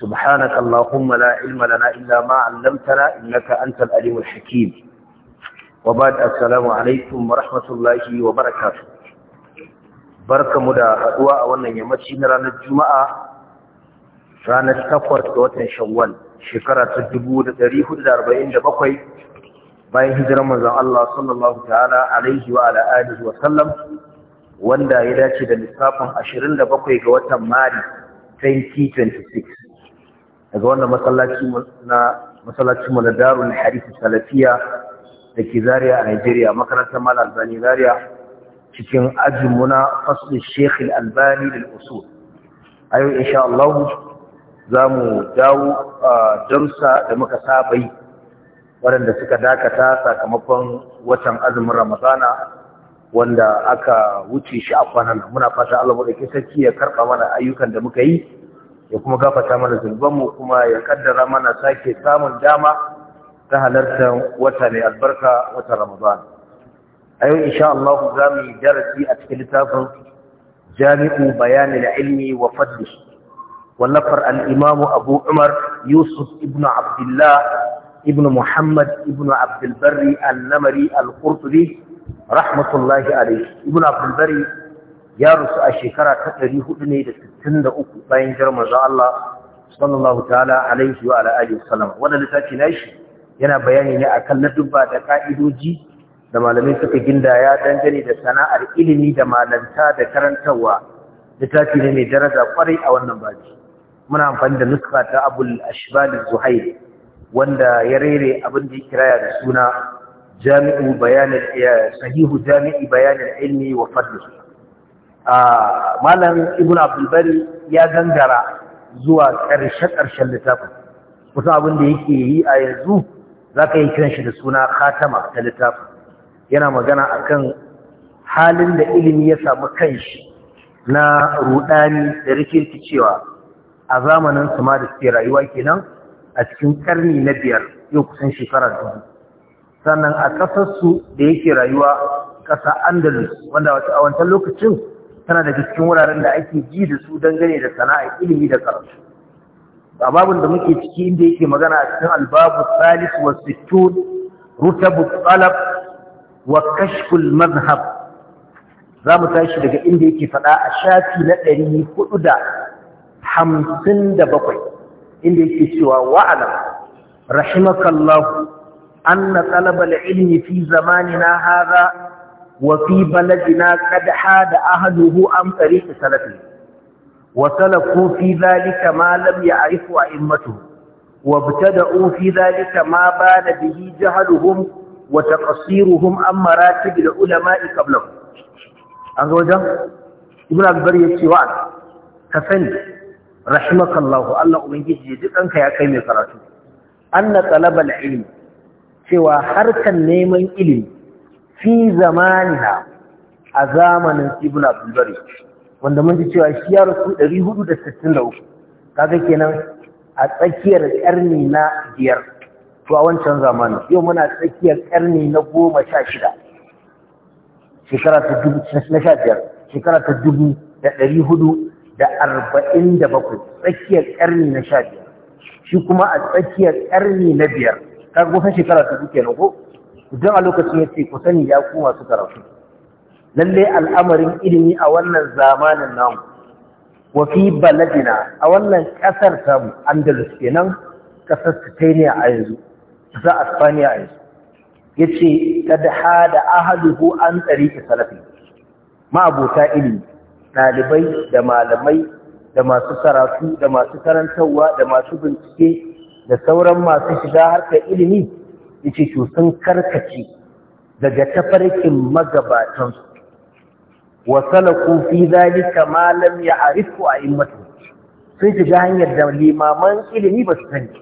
سبحانك اللهم لا علم لنا إلا ما علمتنا إنك أنت الأليم الحكيم وبعد السلام عليكم ورحمة الله وبركاته بركة مدى أدواء ونيمتي نرانا na ranar takwas ga watan shawwal shekara ta dubu da da bakwai, bayan hijirar manzon Allah sallallahu ta'ala alaihi wa ala alihi wa sallam wanda ya dace da lissafin ashirin da bakwai ga watan Mari 2026 daga wannan masallaci na mu na Darul Hadith Salafiya da ke a Nigeria makarantar Mal Albani Zaria cikin ajimuna fasli Sheikh Al-Albani lil usul ayo insha Allah zamu dawo a darsa da muka saba yi waɗanda suka dakata sakamakon watan azumin Ramadana wanda aka wuce shi a kwanan muna fata Allah mu dake sarki ya karɓa mana ayyukan da muka yi ya kuma gafata mana zunubanmu kuma ya kaddara mana sake samun dama ta halartar wata mai albarka wata ramadan a yau insha Allah za mu yi darasi a cikin littafin jami'u da ilmi wa fadli wallafar imam abu umar yusuf ibnu abdullah ibn muhammad ibn abdulbari al-namari al-qurtubi rahmatullahi ya rusu a shekara ta ɗari hudu ne da sittin da uku bayan jar manzo Allah sallallahu ta'ala alaihi wa alihi wasallam wannan littafi na shi yana bayani ne akan ladubba da ka'idoji da malamai suka gindaya dangane da sana'ar ilimi da malanta da karantarwa littafi ne mai daraja kwarai a wannan baji muna amfani da nuska ta abul ashbal zuhair wanda ya rere abin da ya kiraya da suna jami'u bayanin eh, sahihu jami'i bayanin ilmi wa fadlihi malam ibn abdulbari ya gangara zuwa ƙarshe-ƙarshen littafin kusa abin da yake yi a yanzu za ka yi kiran shi da suna khatama ta littafin yana magana akan halin da ilimi ya samu kanshi na rudani da rikirkicewa a zamanin su ma da suke rayuwa kenan a cikin karni na biyar yau kusan shekara dubu sannan a ƙasarsu da yake rayuwa ƙasa andalus wanda a wancan lokacin tana daga cikin wuraren da ake ji da su dangane da sana'a ilimi da karatu ga babun da muke ciki inda yake magana a cikin albabu salis wa sittun rutabu talab wa kashful mazhab za mu tashi daga inda yake faɗa a shafi na ɗari hudu da hamsin da bakwai inda yake cewa wa'ala rahimakallahu anna talabal ilmi fi zamanina hadha وفي بلدنا قد حاد أهله عن طريق سلفه وسلكوا في ذلك ما لم يعرف أئمته وابتدأوا في ذلك ما بان به جهلهم وتقصيرهم عن مراتب العلماء قبلهم an zo wajen ibn akbar ya ce wa ka sani rahimakallahu Allah ubangiji ya dukanka ya kai mai karatu anna talabal ilmi cewa harkan neman ilimi fi zamanina a zamanin ibn abdulbari wanda mun ji cewa shi ya rasu 463 kaga kenan a tsakiyar karni na biyar to a wancan zamanin yau muna tsakiyar karni na goma sha shida shekara ta dubu na sha biyar shekara ta dubu da ɗari hudu da arba'in da bakwai tsakiyar karni na sha biyar shi kuma a tsakiyar karni na biyar kaga kusan shekara ta dubu kenan ko Idan a lokacin ya ce ku sani ya ku masu karatu lalle al'amarin ilimi a wannan zamanin namu wa baladina a wannan kasar tamu andalus kenan kasar spain a yanzu za a spaniya a yanzu ya ce kada hada ahaduhu an tsariki salafi ma'abota ilimi ɗalibai da malamai da masu karatu da masu karantarwa da masu bincike da sauran masu shiga harkar ilimi yace to sun karkace daga tafarkin magabatan su wa salaku fi zalika ma lam ya'rifu a'immatu sun shiga hanyar da limaman ilimi ba su sani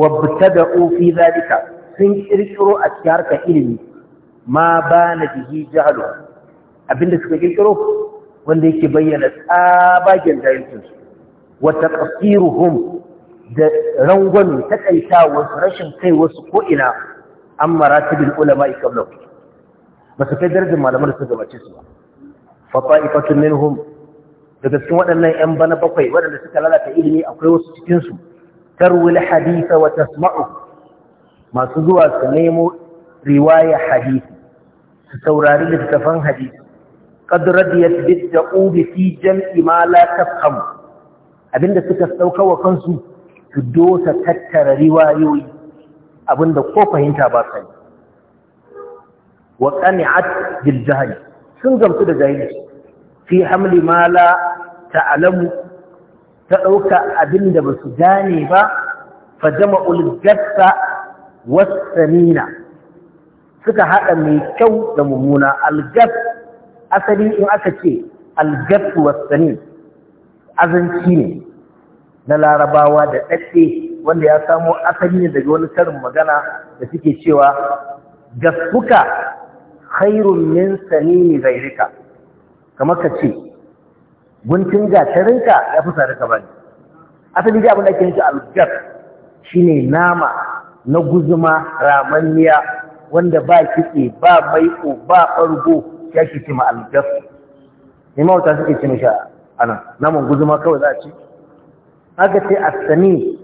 wa btada'u fi zalika sun kirkiro a cikin harkar ilimi ma bana bihi jahlu abinda suka kirkiro wanda yake bayyana tsabagen jahilcin wa taqsiruhum da ta kaita wasu rashin kai wasu ko'ina an maratibin ulama ikablau ba su kai darajin malamar su gabace su ba fafa ifatun minhum daga cikin waɗannan 'yan bana bakwai waɗanda suka lalata ilimi akwai wasu cikinsu tarwil hadisa wa tasma'u masu zuwa su nemo riwaya hadisi su saurari littattafan hadisi qad radiyat bid da'ubi fi jam'i ma la tafhamu abinda suka sauka wa kansu su dosa tattara riwayoyi abinda ko fahimta ba sani wa qani'at bil jahl sun gamsu da jahili fi hamli ma la ta'lamu ta dauka abinda ba su gane ba fa jama'ul gassa was samina suka hada mai kyau da mummuna al asali in aka ce al gass was samin azanci ne na larabawa da ɗaɗɗe wanda ya samo asali ne daga wani karin magana da suke cewa gaskuka khairun min sanini zairika kamar ka ce guntun gatarinka ya fi ka bane asali da abin da ake nufi algar shine nama na guzuma ramanniya wanda ba kitse ba maiko ba ɓargo ya ke ma algar ne mawuta suke ce anan naman guzuma kawai za a ce aka ce asani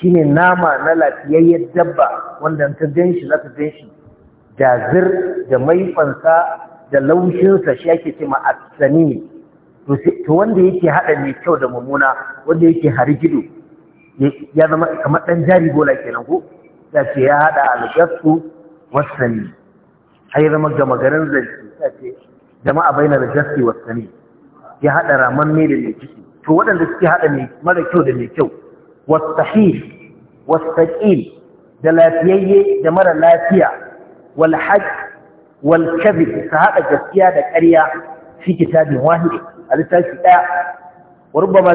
shine nama na lafiyayyar dabba wanda ta gan shi za ta gan shi jazir da maifansa da laushinsa shi ake ce ma asani to wanda yake haɗa mai kyau da mummuna wanda yake harigido ya zama kamar ɗan jari bola kenan ko ta ce ya haɗa alƙasku wasani A yi zama gama garin zance ta ce jama'a da jaski wasani ya haɗa raman mai da mai ciki to waɗanda suke haɗa mara kyau da mai kyau wasahih wasaqil da lafiyayye da mara lafiya wal hajj wal haɗa gaskiya da ƙarya fi kitabin wahid a littafi ɗaya wa rubbama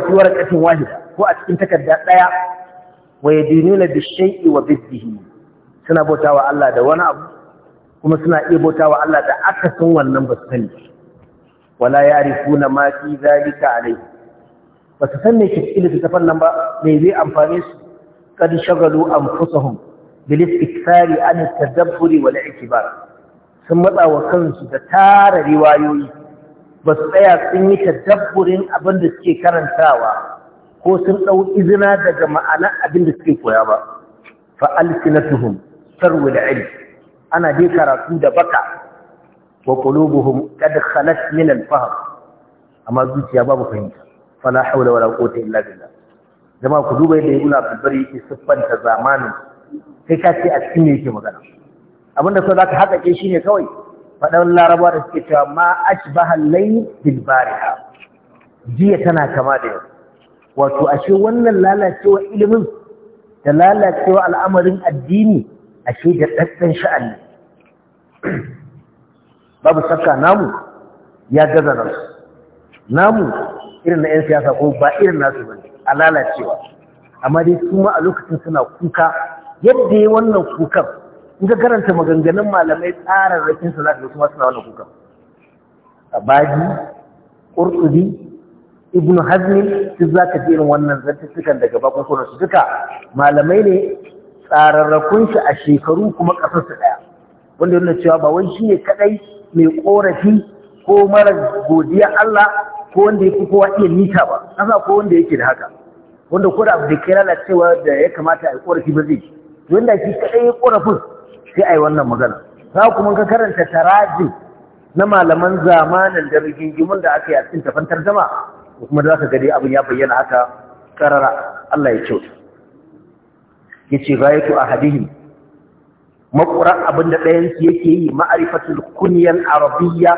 fi wahida ko a cikin takarda ɗaya wa yadinuna bishai'i wa biddihi suna bautawa Allah da wani abu kuma suna iya bautawa Allah da akasin wannan ba sani wala yarifuna ma fi zalika alayhi ba su san me ke cikin littattafan nan ba Mai zai amfani su kan shagalu anfusahum bil istikthari an wani aiki ba. sun matsa wa kansu da tara riwayoyi ba su tsaya sun yi dabburin abin da suke karantawa ko sun ɗau izina daga ma'ana abin da suke koya ba fa alsinatuhum tarwi al ana dai karatu da baka wa qulubuhum kad khalat min amma zuciya babu fahimta fala haula wala quwwata illa billah jama'a ku duba yadda ibnu abdul bari yake siffanta zamanin sai ka ce a cikin me yake magana abinda sai zaka haka ke shine kawai fadan laraba da suke cewa ma ashbaha layl bil bariha jiya tana kama da yau wato ashe wannan lalacewa ilimin da lalacewa al'amarin addini ashe da daddan sha'ani babu saka namu ya gaza nasu namu irin na 'yan siyasa ko ba irin nasu ba a lalacewa amma dai su ma a lokacin suna kuka yadda ya wannan kukan in ka karanta maganganun malamai tsararrakin su za da kuma suna wannan kukan abaji ƙurƙuri ibn hazmi duk za ka irin wannan zantuttukan daga bakon kuna su duka malamai ne tsararrakun shi a shekaru kuma kasar ɗaya. daya wanda yana cewa ba wai shi ne kaɗai mai ƙorafi ko mara godiya Allah ko wanda ya fi kowa iya mita ba an sa ko wanda yake da haka wanda ko da abu da ke da ya kamata a yi korafi ba zai ci wanda shi kaɗai ɗaya korafin sai a yi wannan magana za kuma ka karanta tarajin na malaman zamanin da rigingimun da aka yi a cikin zama Ko kuma za ka gani abin ya bayyana haka karara Allah ya ce. ya ce rayatu a hadihim makuran abin da ɗayansu yake yi ma'arifatul kuniyar arabiyya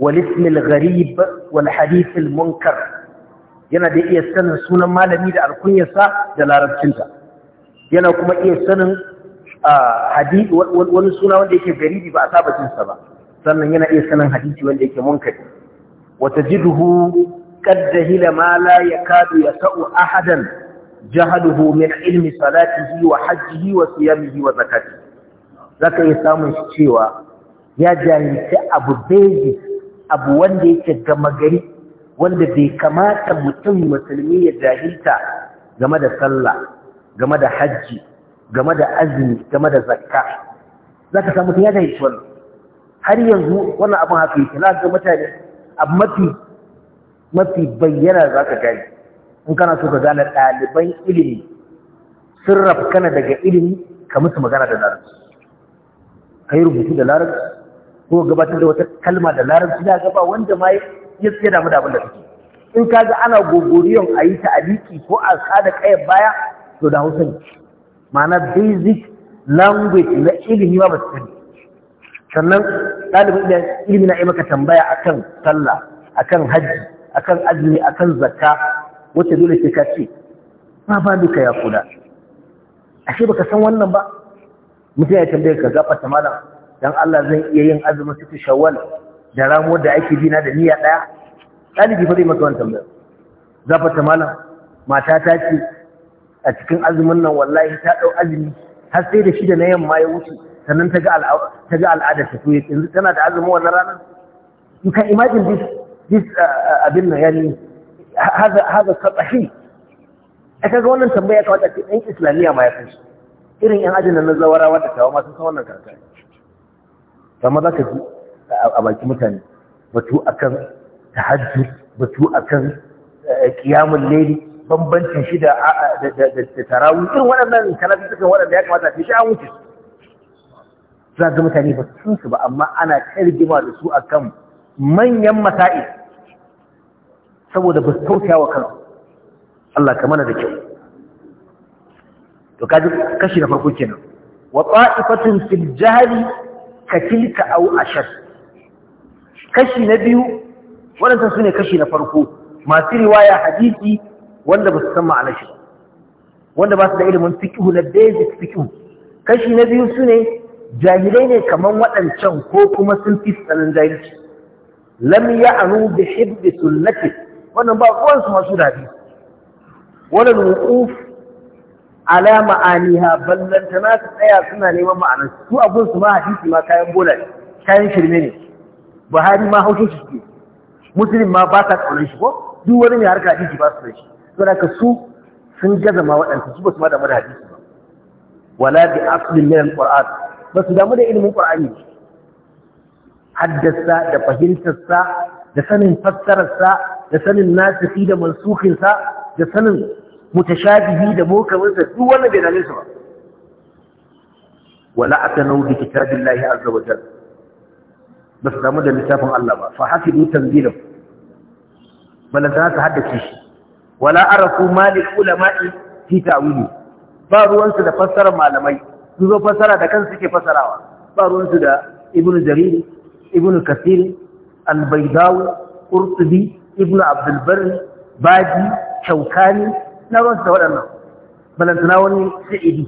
والاسم الغريب والحديث المنكر yana da iya sanin sunan malami da alkunyarsa da larabcinsa yana kuma iya sanin hadisi wani suna wanda yake garibi ba a saba jinsa ba sannan yana iya sanin hadisi wanda yake munkari wata jiduhu kaddahila ma la yakadu yasau ahadan jahaduhu min ilmi salatihi wa hajjihi wa siyamihi wa zakatihi zaka iya samun cewa ya jahilci abu basic abu wanda yake gama gari wanda bai kamata mutum musulmi ya jahilta game da sallah game da hajji game da azumi game da zakka za ka samu ya jahilci wannan har yanzu wannan abin haka yake za ga mutane abu mafi mafi bayyana za ka gani in kana so ka gane ɗaliban ilimi sun rafkana daga ilimi ka musu magana da larabci ka yi rubutu da larabci ko gabatar da wata kalma da larabci da gaba wanda ma ya tsaye damu da abin da suke. in ka ga ana gogoriyon a yi ta'aliki ko a sada kayan baya to da hausa ne ma'ana basic language na ilimi ma ba su sani sannan ɗalibin ilimi na maka tambaya akan sallah akan hajji akan azumi akan zakka wacce dole sai ka ce ba ba duka ya kuda ashe baka san wannan ba mutum ya tambaye ka ta malam dan Allah zan iya yin azumin su shawwal da ramu da ake bina da niyya daya dalibi fa zai maka wannan tambaya zafa ta malam mata ta ce a cikin azumin nan wallahi ta dau azumi har sai da shi da na yamma ya wuce sannan ta ga al'ada ta ga al'ada ta so yanzu tana da azumin wannan ranar you can imagine this this uh, uh, abin nan yani haza haza sabahi aka ga wannan tambaya ka wata ce ɗan islamiyya ma ya kai irin yan ajin nan na zawarawa da tawa ma sun san wannan karkara amma za ka ji a baki mutane batu akan tahajjud batu akan kiyamun eh, leri bambancin shi da tarawun irin waɗannan kalabi sukan waɗanda ya kamata fi shi an wuce za ga mutane ba sun su ba amma ana tarjima da su akan manyan masa'i saboda ba su tausaya wa kan, Allah ka mana da kyau to kaji kashi na farko kenan wa ta'ifatun fil jahili katilka au ashar kashi na biyu waɗansa su ne kashi na farko masu riwaya hadisi wanda ba su san ma'anar shi wanda ba su da ilimin fikihu na basic fikihu kashi na biyu su ne jahilai ne kamar waɗancan ko kuma sun fi tsanin jahilci lam ya anu bi hibbi sunnati wannan ba kowansu masu dadi wannan wuquf ala ma'aniha ballanta na su tsaya suna neman ma'anar su abin su ma hadisi ma kayan bola ne kayan shirme ne buhari ma haushe shi ke musulun ma ba sa kaunar shi ko duk wani mai harka hadisi ba su da shi to da su sun gaza ma waɗansu su ba su ma damu da hadisi ba wala bi aslin min alquran ba su damu da ilimin qur'ani haddasa da fahimtarsa da sanin fassararsa da sanin nasifi da mansukhinsa da sanin mutashabihi da mukamin sa duk wannan bai dame su ba wala atanu bi kitabillahi azza wa jalla bas damu da littafin Allah ba fa hafidu tanzilahu balanta ka haddace shi wala arafu malik ulama'i fi ta'wili ba ruwansu da fassarar malamai su zo fassara da kansu suke fassarawa ba ruwansu da ibn jarir ibn kasir al-baydawi qurtubi ibn baji shaukani na ruwan su da waɗannan balantana wani sha'idi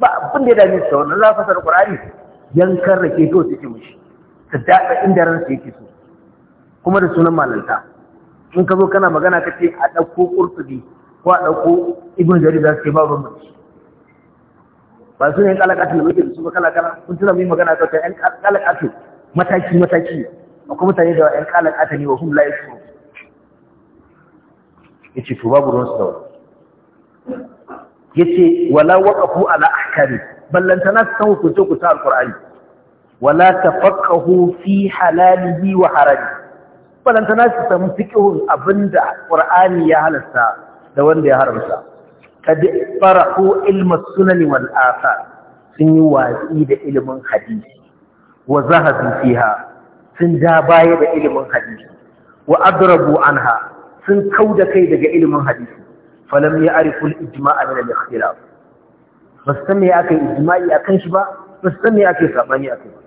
ba abin da ya dame su da wannan za fasar ƙur'ani yankan rake to suke mushi su daɗa inda ran su yake so kuma da sunan malanta in ka zo kana magana ka ce a ɗauko ƙurtubi ko a ɗauko ibn jarir za su ke ba ruwan ba su ne 'yan kalakatu da muke da su ba kalakala kun tuna mai magana ta yan kalakatu mataki mataki akwai mutane da yan kalakata ne wa hum la Ya ce to babu ruwan da wani yace wala waqafu ala ahkari ballantana su san hukunce ku ta alqur'ani wala tafaqahu fi halalihi wa harami ballantana su san fiqhun abinda Al-ƙur'ani ya halasta da wanda ya haramta kad farahu ilma sunan wal athar sun yi watsi da ilimin hadisi wa zahabu fiha sun ja baya da ilimin hadisi wa adrabu anha sun kauda kai daga ilimin hadisi falam ya ariful ijma'a min al-ikhtilaf ba su san me aka ijma'i akan shi ba ba su san me aka sabani akan ba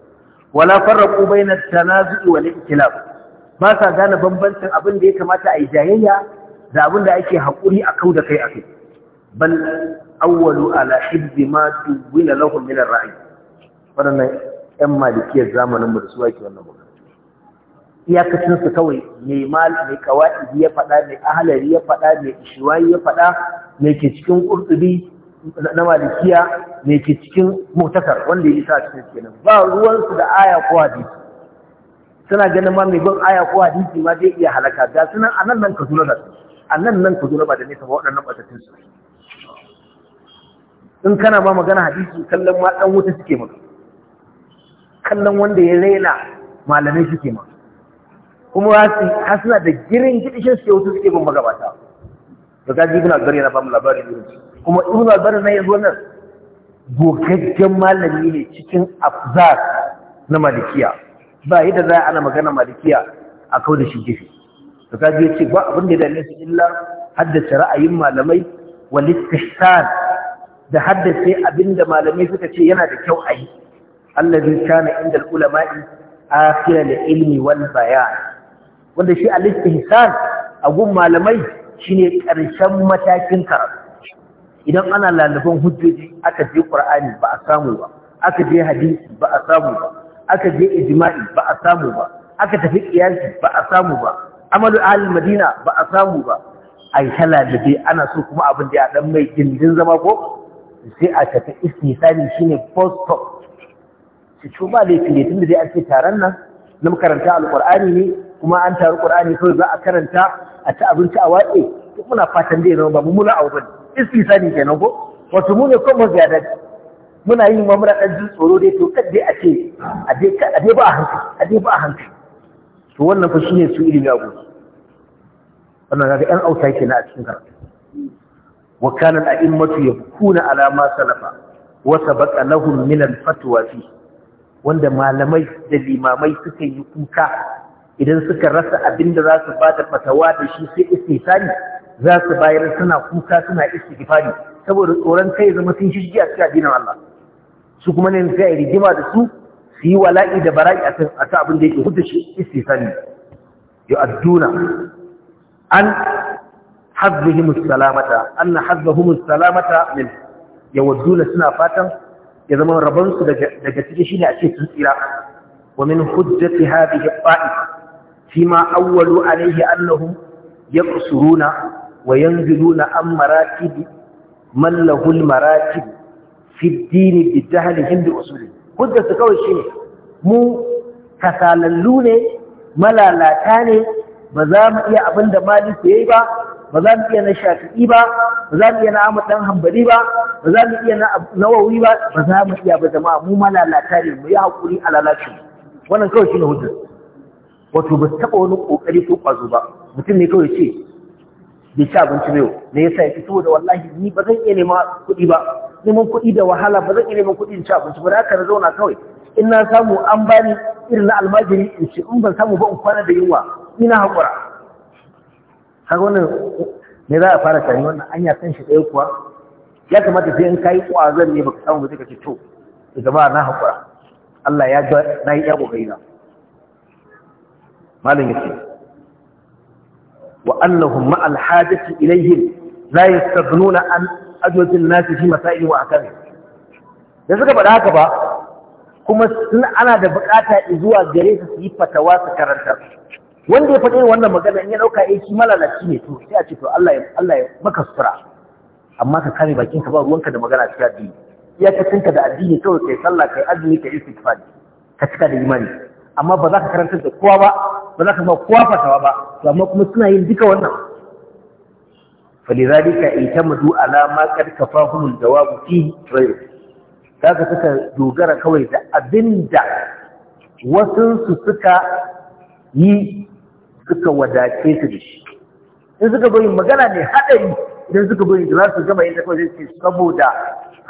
wala farraqu bayna at-tanazu'i wal ikhtilaf ba sa gane bambancin abin da ya kamata a yi jayayya da abin da ake haƙuri a kau da kai akai bal awwalu ala hibbi ma tuwila lahum min ar wannan ƴan malikiyar zamanin mu da su ake wannan magana iyakacinsu kawai mai mal mai kawa'idi ya faɗa mai ahalari ya faɗa mai ishiwayi ya faɗa mai ke cikin ƙurtubi na malikiya mai ke cikin mutakar wanda ya sa cikin kenan ba ruwansu da aya ko hadisi suna ganin ma mai bin aya ko hadisi ma zai iya halaka da sunan a nan nan ka na da a nan nan ka na ba da ne ba waɗannan ɓatattun su in kana ma magana hadisi kallon ma dan wuta suke maka kallon wanda ya raina malamai suke maka kuma har suna da girin gidishin suke wuta suke bin magabata da gaji ibn albari yana bamu labarin yanzu kuma ibn albari na yanzu nan gogaggen malami ne cikin afzar na malikiya ba yadda za ana magana malikiya a kawai da shi gefe da ya ce ba abin da dame su illa haddace ra'ayin malamai walittihsan da haddace abin da malamai suka ce yana da kyau a yi allazi kana inda ulama'i akhira da ilmi wal bayan wanda shi al-istihsan a gun malamai shine ƙarshen matakin karatu idan ana lalaban hujjoji aka je qur'ani ba a samu ba aka je hadisi ba a samu ba aka je ijma'i ba a samu ba aka tafi qiyasi ba a samu ba amalu ahlul madina ba a samu ba ai halalabe ana so kuma abin da ya dan mai gindin zama ko sai a tafi istisani shine post stop shi ba laifi ne tunda dai an ce taron nan na makaranta alqur'ani ne kuma an taru Qur'ani kawai za a karanta a ci abinci a waƙe duk muna fatan dai zama ba mu mula abu bane istisani kenan ko wato mu ne kuma ga muna yin mamura dan jin tsoro dai to kadai a ce a dai a dai ba a hankali a dai ba a to wannan fa shine su ilimi abu wannan kaga ɗan ausa kenan a cikin karatu wa kana al-a'immatu yabkuna ala ma salafa wa sabaqa lahum min al-fatwa fi wanda malamai da limamai suka yi kuka idan suka rasa abinda da za su bada fatawa da shi sai istisani za su bayar suna kuka suna istighfari saboda tsoron kai zama sun shige a cikin addinin Allah su kuma ne sai rigima da su su yi wala'i da bara'i a kan abin da yake hudu shi Ya yu'adduna an hazzihim salamata anna hazzahum salamata min wadduna suna fatan ya zama rabon su daga ciki shine a ce sun tsira wa min hujjati hadhihi فيما أولوا عليه أنهم يقصرون وينزلون عن مراتب من له المراتب في الدين بجهلهم بأصوله hujja su kawai shi mu kasalallu ne malalata ne ba za mu iya abin da maliku ya yi ba ba za mu iya na shafi'i ba ba za mu iya na amur ɗan hambali ba ba za mu iya na ba ba za mu iya ba jama'a mu malalata ne mu yi haƙuri a lalaci wannan kawai shi hujjar wato ba su taɓa wani ƙoƙari ko ƙwazo ba mutum ne kawai ce bai ci abinci ne me yasa yake saboda wallahi ni ba zan iya neman kuɗi ba neman kuɗi da wahala ba zan iya neman kuɗi in ci abinci ba da haka na zauna kawai in na samu an bani irin na almajiri in ci in ban samu ba in kwana da yunwa ina haƙura har wannan me za a fara tare wannan anya san shi ɗaya kuwa ya kamata sai in kai ƙwazon ne baka samu ba sai ka ce to jama'a na haƙura Allah ya ga na yi ƙoƙari na malam yace wa annahum ma al hajati ilayhim la yastaghununa an ajwatin nas fi masail wa akami da suka faɗa haka ba kuma sun ana da buƙata zuwa gare su su yi fatawa su karanta wanda ya faɗi wannan magana in ya dauka eh shi malalaci ne to sai a ce to Allah ya Allah ya maka sutura amma ka kame bakin ka ba ruwanka da magana cikin addini iya ka tunka da addini kawai kai sallah kai azumi kai istighfar ka cika da imani amma ba za ka karanta da kowa ba ba za ka ba kowa fatawa ba to amma kuma suna yin duka wannan falidhalika itamadu ala ma kad kafahum al-jawab fi ghayr kaga suka dogara kawai da abinda wasu su suka yi suka wadace su da shi in suka bari magana ne haɗari idan suka bari da su gama yadda kawai sai saboda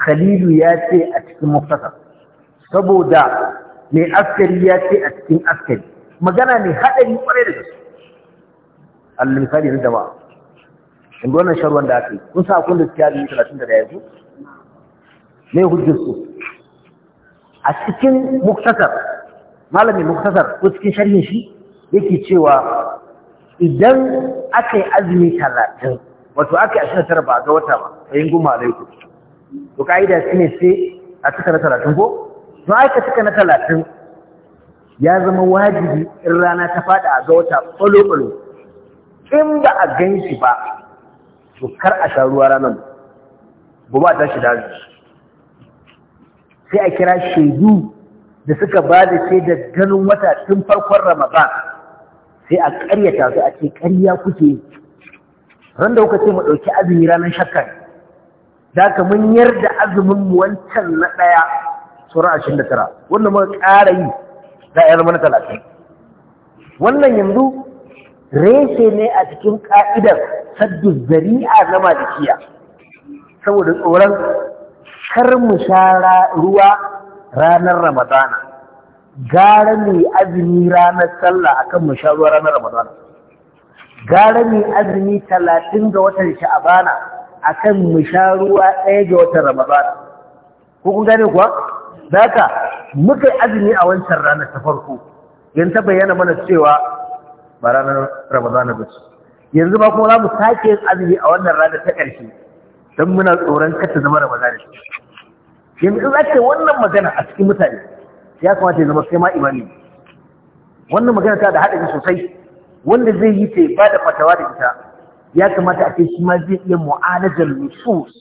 khalilu ya ce a cikin muftasar saboda mai askari ya ce a cikin askari magana mai haɗari kwarai da gaske Allah misali na jama'a in ga wannan sharuwan da aka yi kun sa kun da suke yi talatin da yanzu me hujjar su a cikin muktasar malami muktasar ko cikin sharhin shi yake cewa idan aka yi azumi talatin wato aka yi ashirin tara ba ga wata ba a yin goma alaikum to ka'ida shi ne sai a cika na talatin ko don aka cika na talatin ya zama wajibi in rana ta fada a ga wata ɓalo-ɓalo in ba a gan shi ba to kar a sha ruwa ranar ba ba ta shi sai a kira shaidu da suka ba da ce da ganin wata tun farkon ramadan sai a karyata su a ce karya kuke ran da kuka ce mu ɗauki azumi ranar shakar da ka mun yarda azumin mu wancan na ɗaya sura ashirin da muka ƙara yi za a zama na talatin wannan yanzu reshe ne a cikin ka'idar saddu zari'a na malikiya saboda tsoron kar mu sha ruwa ranar ramadana gara mai azumi ranar sallah akan mu sha ruwa ranar ramadana gara mai azumi talatin ga watan sha'abana akan mu sha ruwa ɗaya ga watan ramadana ko kun gane kuwa Zaka haka muka azumi a wancan ranar ta farko yanzu ta bayyana mana cewa ba ranar ramadana ba ce yanzu ba kuma za mu sake yin azumi a wannan ranar ta ƙarshe don muna tsoron kata zama ramadana yanzu za ka wannan magana a cikin mutane ya kamata ya zama sai ma imani wannan magana ta da haɗari sosai wanda zai yi ta ba da fatawa da ita ya kamata a ce shi ma zai iya mu'alajar nusus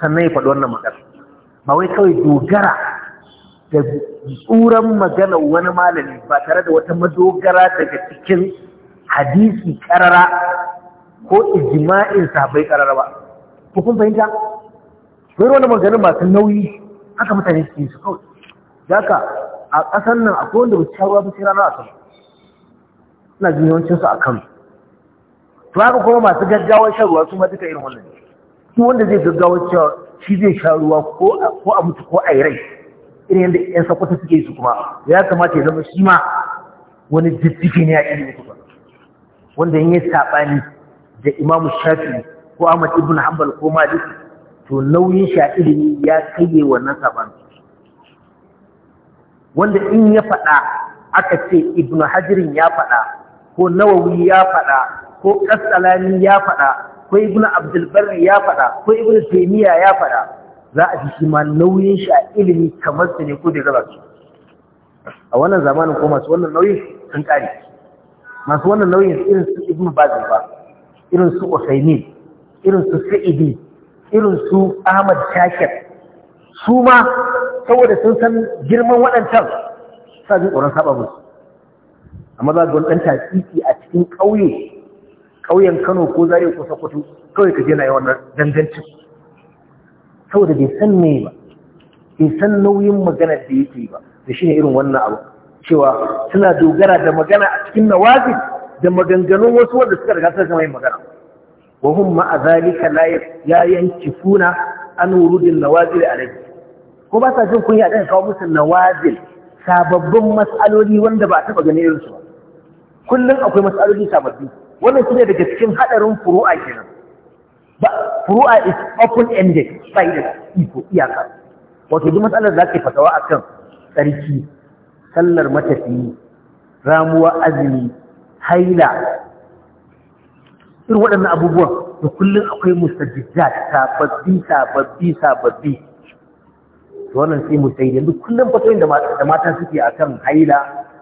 sannan ya faɗi wannan magana ba wai kawai dogara da tsuran magana wani malami ba tare da wata madogara daga cikin hadisi karara ko ijima'in sabai karara ba ko fahimta wani wani maganin masu nauyi haka mutane su su kawai daga a ƙasar nan akwai wanda wuce ruwa ba sai rana a sama ina jin yawancinsu a kano to haka kuma masu gaggawar shan ruwa su ma duka irin wannan ne duk wanda zai gaggawa cewa shi zai sha ruwa ko a mutu ko a yi rai irin yadda yan sakwata suke su kuma ya kamata ya zama shi ma wani jijjifi ne a ilimin kuma wanda yin saɓani da imamu shafi ko ahmad ibn hanbal ko malik to nauyin shi a ilimi ya kaiye wannan saɓani wanda in ya faɗa aka ce ibn hajirin ya faɗa ko nawawi ya faɗa ko kasalani ya faɗa ko ibn abdul ya faɗa ko ibn taymiya ya faɗa za a ji shi ma nauyin shi a ilimi kamar su ne ko da gaba su a wannan zamanin ko masu wannan nauyin sun kare masu wannan nauyin irin su ibn baz ba irin su usaimin irin su sa'idi irin su ahmad shakir su ma saboda sun san girman waɗancan sa jin tsoron saba musu amma za ga wani ɗan tasiki a cikin ƙauye ƙauyen Kano ko Zaria ko Sokoto kawai ka je na yi wannan dangancin saboda bai san me ba bai san nauyin magana da yake ba da shi ne irin wannan abu cewa suna dogara da magana a cikin nawazi da maganganun wasu wanda suka riga suka gama yin magana wa hum ma'a zalika la yankifuna an wurudin nawazil alayhi ko ba sa jin kunya dan kawo musu nawazil sababbin mas'aloli wanda ba a taba ganin irinsu ba kullum akwai mas'aloli sababbi wannan shine daga cikin hadarin furu'a kenan ba furu'a is open ended sai da iko iyaka wato duk matsalar da ake fatawa akan tsarki sallar matafiyi ramuwa azumi haila irin waɗannan abubuwan da kullum akwai mustajjijat sababbi sababbi sababbi wannan sai mu duk da kullum fatoyin da mata suke akan haila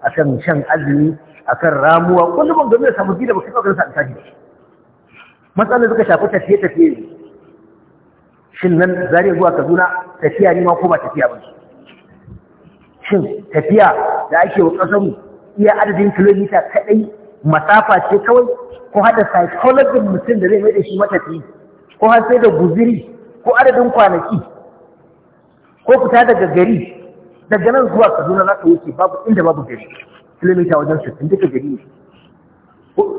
akan shan azumi a kan ramuwa kullum domin da gida ba su ɗaukar sa a tashi da shi matsalar suka shafi tafiye-tafiye shin nan zare zuwa kaduna tafiya ne ma ko ba tafiya ba shin tafiya da ake wa mu iya adadin kilomita kaɗai masafa ce kawai ko haɗa psychologin mutum da zai mai da shi matafi ko har da guziri ko adadin kwanaki ko fita daga gari daga nan zuwa kaduna za ka wuce babu inda babu gari kilomita wajen sittin duka gari ne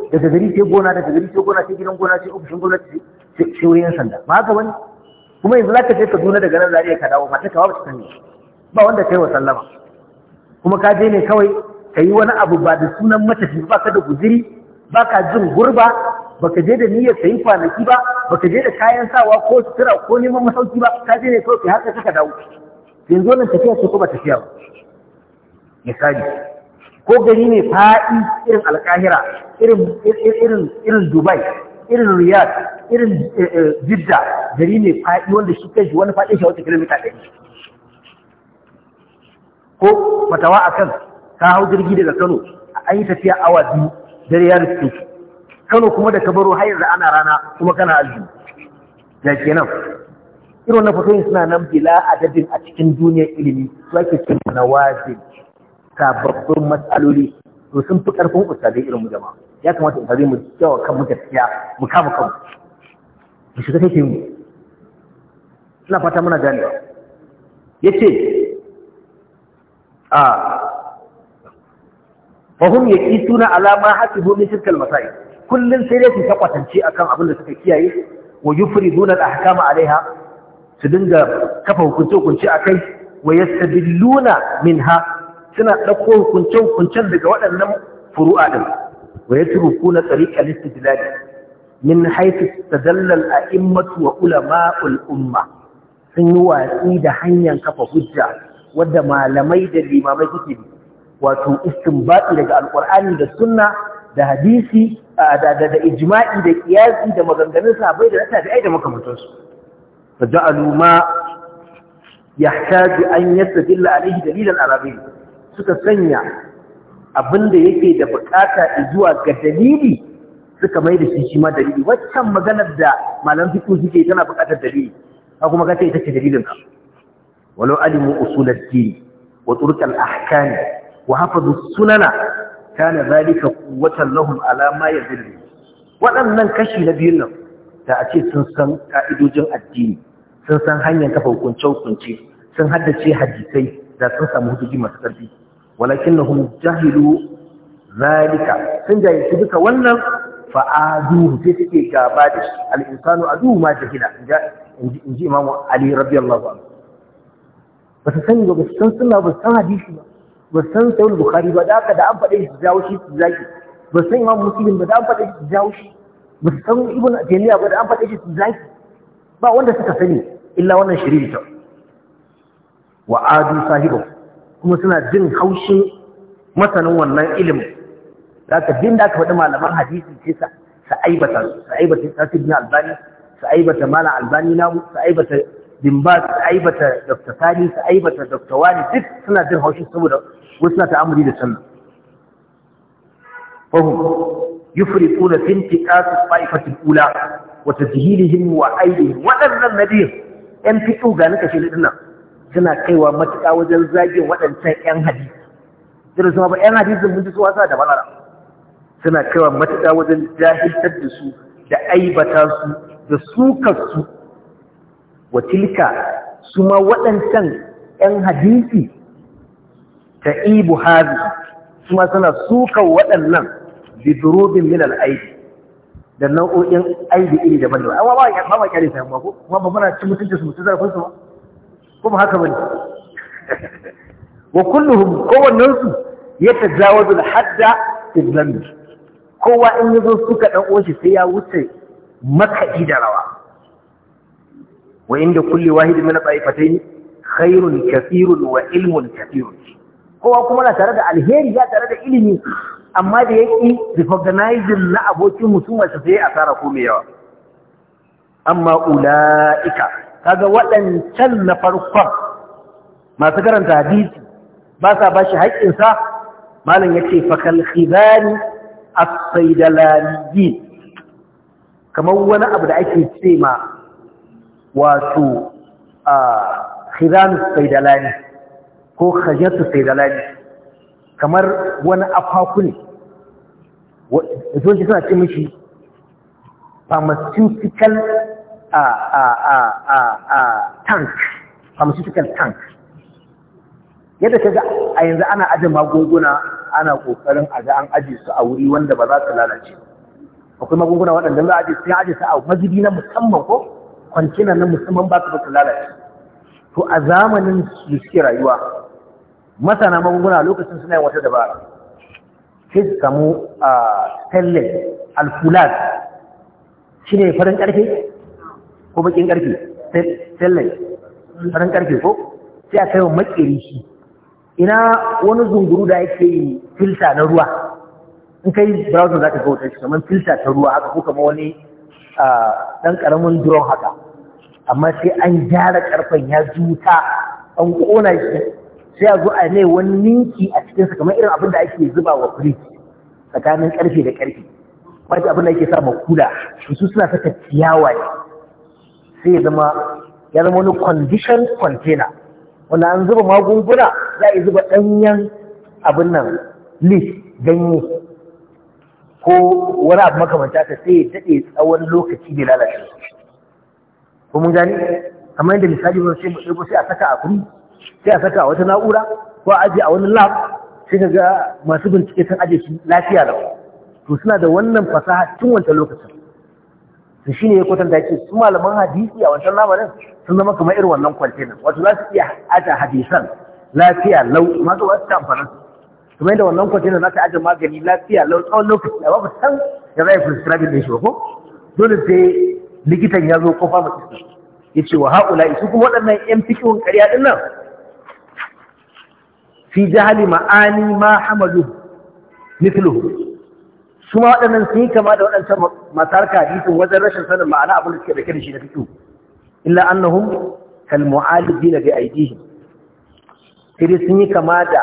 daga gari sai gona daga gari sai gona sai gidan gona sai ofishin gwamnati sai wurin sanda ba haka bane kuma yanzu zaka je ka Kaduna daga nan Zaria ka dawo mata ka ba ta sani ba wanda kai wa sallama kuma ka je ne kawai ka yi wani abu ba da sunan matafi ba ka da guziri ba ka jin gurba ba ka je da niyyar yi kwanaki ba ba ka je da kayan sawa ko sutura ko neman masauki ba ka je ne kawai haka ka dawo yanzu wannan tafiya ce ko ba tafiya ba misali ko gari mai faɗi irin alkahira irin dubai irin riyadh irin eh, eh, jidda gari mai faɗi wanda shi kai wani fa’i shi wata kilomita ɗari ko fatawa a kan ka hau jirgi daga kano an yi tafiya awa biyu dare ya rufe kano kuma da kabaro har da ana rana kuma kana aljihu da kenan irin wannan fatoyin suna nan bila adadin a cikin duniyar ilimi su ake cewa nawazin sababbin matsaloli to sun fi ƙarfin ustazai irin mu jama'a ya kamata ustazai mu kyau kan mu gaskiya mu kama kanmu mu shiga take mu ina fata muna gane yace a ah, hum yaqituna ala ma hasibu min tilka al-masail kullun sai dai su kwatance akan abin da suka kiyaye wa yufriduna al-ahkama alaiha su dinga kafa hukunci hukunci akai wa yastadilluna minha suna ɗauko hukunce-hukuncen daga waɗannan furu'a ɗin wa ya turu kuna tsarika listijilali min haifi tadallal a immatu wa ulama ul'umma sun yi watsi da hanyar kafa hujja wadda malamai da limamai suke bi wato istinbati daga alƙur'ani da sunna da hadisi da ijma'i da kiyasi da maganganun sabai da tabi'ai da makamantansu faja'alu ma yahtaju an yastadilla alaihi dalilan arabiy suka sanya abin da yake da bukata zuwa ga dalili suka mai da shi shi ma dalili waccan maganar da malam fiqh suke tana bukatar dalili ka kuma ka ita ce dalilin ka walau alimu usul ad-din wa turuq ahkam wa hafazu sunana kana zalika quwwatan lahum ala ma yadullu waɗannan kashi na biyun nan da a ce sun san ka'idojin addini sun san hanyar kafa hukunce-hukunce sun haddace hadisai da sun samu hujjoji masu ƙarfi walakinnahum jahilu zalika sun jahilci duka wannan fa'aduhu sai suke gaba da shi al-insanu aduhu ma jahila in ji imamu ali radiyallahu anhu ba su sani ba ba su san sunna ba su san hadisi ba ba su san sahih bukhari ba da haka da an faɗe shi jawo shi su zaki ba su san imamu muslim ba da an faɗe shi su jawo shi ba su san ibn taymiya ba da an faɗe shi su zaki ba wanda suka sani illa wannan shiriri ta wa adu sahibahu kuma suna jin haushin masanin wannan ilimin da aka jin da aka faɗi malaman hadisi ce sa su aibata su aibata tasir bin albani su aibata malam albani na su aibata dimba su aibata dr sani su aibata dr wani duk suna jin haushi saboda wasu suna ta'amuri da sannan fahimta يفرقون في انتقاص الطائفة الأولى وتجهيلهم وأيديهم وأن النبي أن ga لك شيء لنا suna kaiwa matuƙa wajen zagin waɗancan 'yan hadisi irin su ba 'yan hadisin mun ji su wasa da matsala suna kaiwa matuƙa wajen jahiltar da su da aibata su da sukar su Watilka su ma waɗancan 'yan hadisi ta ibu hazi su ma suna sukar waɗannan bidurobin min al'aibi da nau'o'in aibi iri daban-daban amma ba ma kyale sayan ba ko kuma ba muna cin mutunci su mutu zarafin su ba kuma haka bane wa kulluhum kowannen su ya tajawazu al-hadda islami kowa in yazo suka dan oshi sai ya wuce maka da rawa wa inda kulli wahid min al-ta'ifatayn khairun kathirun wa ilmun kathirun kowa kuma na tare da alheri ya tare da ilimi amma da yake recognizing na abokin mutum sai sai asara ko mai yawa amma ula'ika kaga waɗancan na farkon masu karanta hadisi ba sa ba shi haƙƙinsa malam ya ce fakal khibani as-saydalaniyi kamar wani abu da ake ce ma wato khidanu saydalani ko khajatu saydalani kamar wani afaku ne zo shi suna ce mishi pharmaceutical tank pharmaceutical tank yadda ka ga a yanzu ana aje magunguna ana kokarin a ga an aji su a wuri wanda ba za su lalace akwai magunguna waɗanda za a aje sai su a mazubi na musamman ko kwantina na musamman ba su su lalace to a zamanin su suke rayuwa masana magunguna lokacin suna yin wata dabara sai su samu a ah, stanley alfulat shi ne farin ƙarfe ko bakin karfe sallai ran karfe ko sai a kai wa makeri shi ina wani zunguru da yake filta na ruwa in kai browser za ka ga wata shi kamar filta ta ruwa haka ko kamar wani dan karamin drone haka amma sai an gyara ƙarfen ya juta an kona shi sai a zo a ne wani ninki a cikinsa kamar irin abin da ake zuba wa firiji tsakanin karfe da karfe wata abin da ake sa ma kula su suna saka ciyawa ne sai ya zama ya zama wani condition container wanda an zuba magunguna za a zuba ɗanyen abin nan leaf ganye ko wani abu makamanta ta sai ya daɗe tsawon lokaci da lalace ko mun gani amma yadda misali ba sai mu ɗauko sai a saka a kuri sai a saka a wata na'ura ko a aje a wani lab sai ka ga masu bincike sun aje su lafiya da to suna da wannan fasaha tun wancan lokacin to shine ya kwatanta ce su malaman hadisi a wancan lamarin sun zama kamar irin wannan kwantenan wato za su iya aja hadisan lafiya lau ma ga wasu amfanin kuma yadda wannan kwantenan za ta aja magani lafiya lau tsawon lokaci a babu san ya za a yi prescribing din shi ba ko dole sai likitan ya zo ko pharmacist ya ce wa haƙula su kuma waɗannan yan fikihun ƙarya ɗin nan fi jahali ma'ani ma hamalu mithluhu su ma waɗannan sun yi kama da waɗancan masu harka hadisin wajen rashin sanin ma'ana abin da suke da kirishi da fito illa annahum kal mu'alibina bi aidihim sai sun yi kama da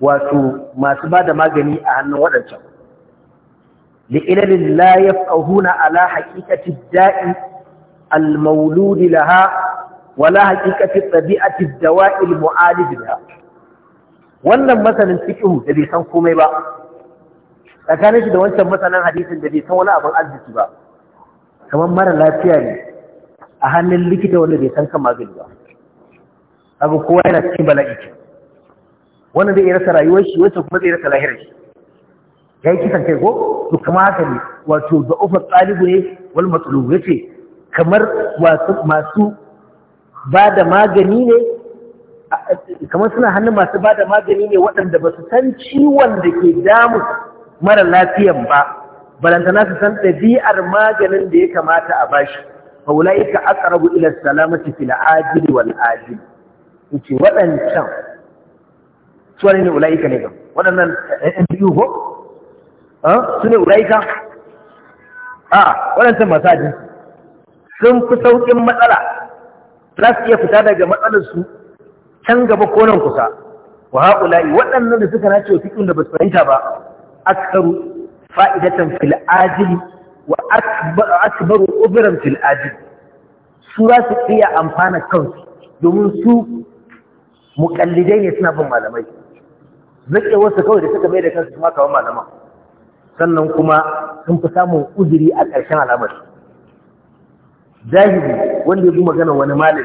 wato masu ba da magani a hannun waɗancan li'ilalin la yafqahuna ala haqiqati da'i al-mawlud laha wala haqiqati tabi'ati dawa'i al wannan masanin fiqh da bai san komai ba tsakanin shi da wancan masanan hadisin da bai san wani abin arziki ba kamar mara lafiya ne a hannun likita wanda bai san kan magani ba abu kowa yana cikin bala'i ce wannan zai rasa rayuwar shi wancan kuma zai rasa lahirar shi ya yi kisan kai ko to kama haka ne wato da ufa tsalibu ne Wani matsulubu ya ce kamar masu ba da magani ne kamar suna hannun masu ba da magani ne waɗanda ba su san ciwon da ke damu mara lafiyan ba balantana su san ɗabi'ar maganin da ya kamata a bashi fa ulaika aqrabu ila salamati fil ajil wal ajil ce waɗancan su ne ulaika ne ga waɗannan ɗan biyu ko su ne ulaika a waɗancan masajin sun fi sauƙin matsala za su iya fita daga matsalarsu can gaba ko nan kusa wa haƙula'i waɗannan da suka nace wa fiƙin da ba su fahimta ba aksaru fa'idatan fil ajili wa akbaru ubiran fil ajili su zasu iya amfana kansu domin su mukallidai ne suna bin malamai zake wasu kawai da suka mai da kansu kuma kawai malaman sannan kuma sun fi samun uzuri a ƙarshen alamar. jahili wanda ya bi magana wani malami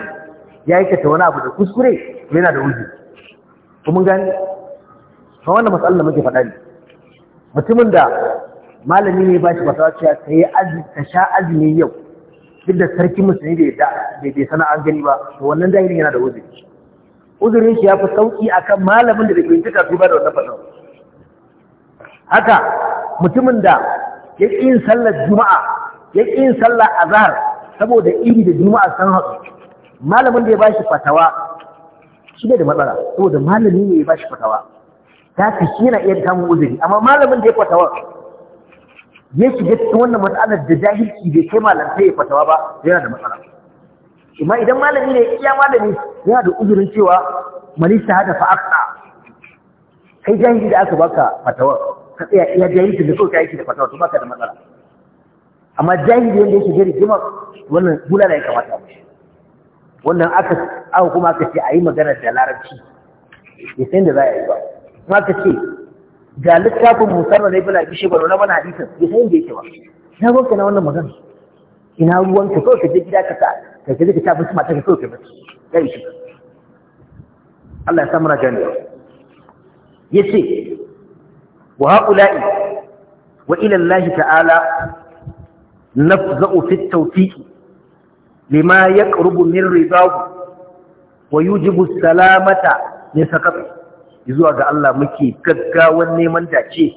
ya aikata wani abu da kuskure yana da uzuri kuma gani ba wannan matsalar da muke faɗa ne mutumin da malami ne ba shi ba cewa ka yi ta sha azumi yau duk da sarki musulmi bai da bai sana an gani ba to wannan jahilin yana da uzuri uzurin shi ya fi sauki akan malamin da bai tuka karatu ba da wannan fasawa haka mutumin da ya ƙi yin sallar juma'a ya ƙi yin sallar azhar saboda iri da juma'a san haɗu malamin da ya ba shi fatawa shi ne da matsala saboda malami ne ya ba shi fatawa ta fi shi yana iya samun uzuri amma malamin da ya fatawa ya shiga cikin wannan matsalar da jahilci bai kai malamta ya fatawa ba yana da matsala amma idan malami ne iya malami yana da uzurin cewa malista hada fa aqta kai jahilci da aka baka fatawa ka tsaya iya jahilci da kawai kai da fatawa to baka da matsala amma jahilci wanda yake gari jima wannan bulala ya kamata wannan aka aka kuma aka ce a yi magana da larabci ya san da za a yi ba ka ce ga littafin musamman na ibina bishe shayba na wani hadisan ya san da yake ba na ruwanka na wannan magana ina ka? kawai ka je gida ka sa ka je ka tafi mata ka kawai ka bace ya Allah ya sa muna Ya ce, wa haula'i wa ila Allah ta'ala na fi at-tawfiq lima yaqrubu min wa yujibu salamata min sakatihi zuwa ga Allah muke gaggawan neman dace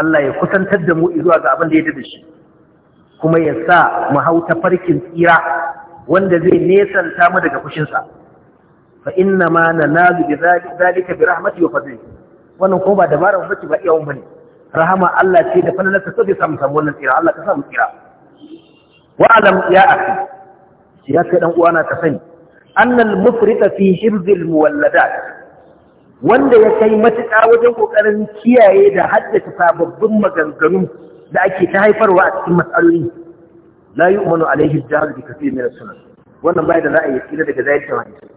Allah ya kusantar da mu zuwa ga abin da ya da shi kuma ya sa mu hauta farkin tsira wanda zai nesanta mu daga fushinsa fa inna ma nanazu bi zalika bi rahmati wa fadli wannan kuma ba dabara ba ce ba iyawan bane rahama Allah ce da fannin ta soke samu samu wannan tsira Allah ka samu tsira wa alam ya akhi ya kai dan uwana ka sani annal mufrita fi hirzil muwalladat wanda ya kai matuƙa wajen ƙoƙarin kiyaye da haddace sababbin maganganu da ake ta haifarwa a cikin matsaloli la yu'manu alaihi jahal da kathir min as-sunan wannan bai da ra'ayi kila daga ta hadisi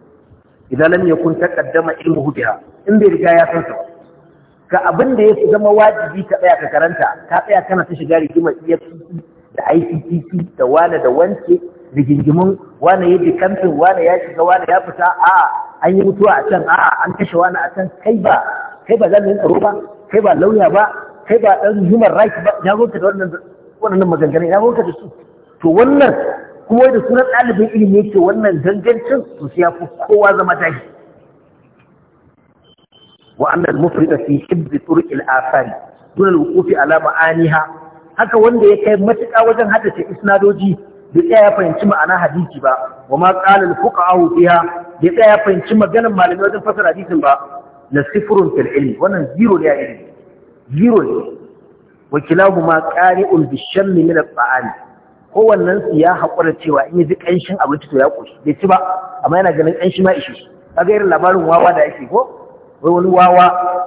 idan lam yakun taqaddama ilmu biha in bai riga ya san sa ka abin da yake zama wajibi ka tsaya ka karanta ka tsaya kana ta shiga rigimar EFCC da ICCC da wane da wance rigingimin wane ya kamfin, wane ya shiga wane ya fita a'a an yi mutuwa a can a'a an kashe wani a can kai ba kai ba zan yi tsaro ba kai ba lauya ba kai ba dan human right ba ya zo da wannan wannan maganganun ya zo da su to wannan kuma da sunan ɗalibin ilimi yake wannan dangancin, to sai ya fi kowa zama tashi wa annal mufrida fi hibbi turuq al asari dun al wuqufi ala ma'aniha haka wanda ya kai matuƙa wajen haddace isnadoji bai tsaya ya fahimci ma'ana hadisi ba wa ma qala al fuqaha fiha bai tsaya ya fahimci maganar malamai wajen fasara hadisin ba la sifrun fil ilmi wannan zero ne a ilmi zero ne wa ma qari'un bi shammi min al ta'am su ya haƙura cewa in ji ƙanshin abinci to ya koshi bai ci ba amma yana ganin ƙanshi ma ishe shi kaga irin labarin wawa da yake ko wai wani wawa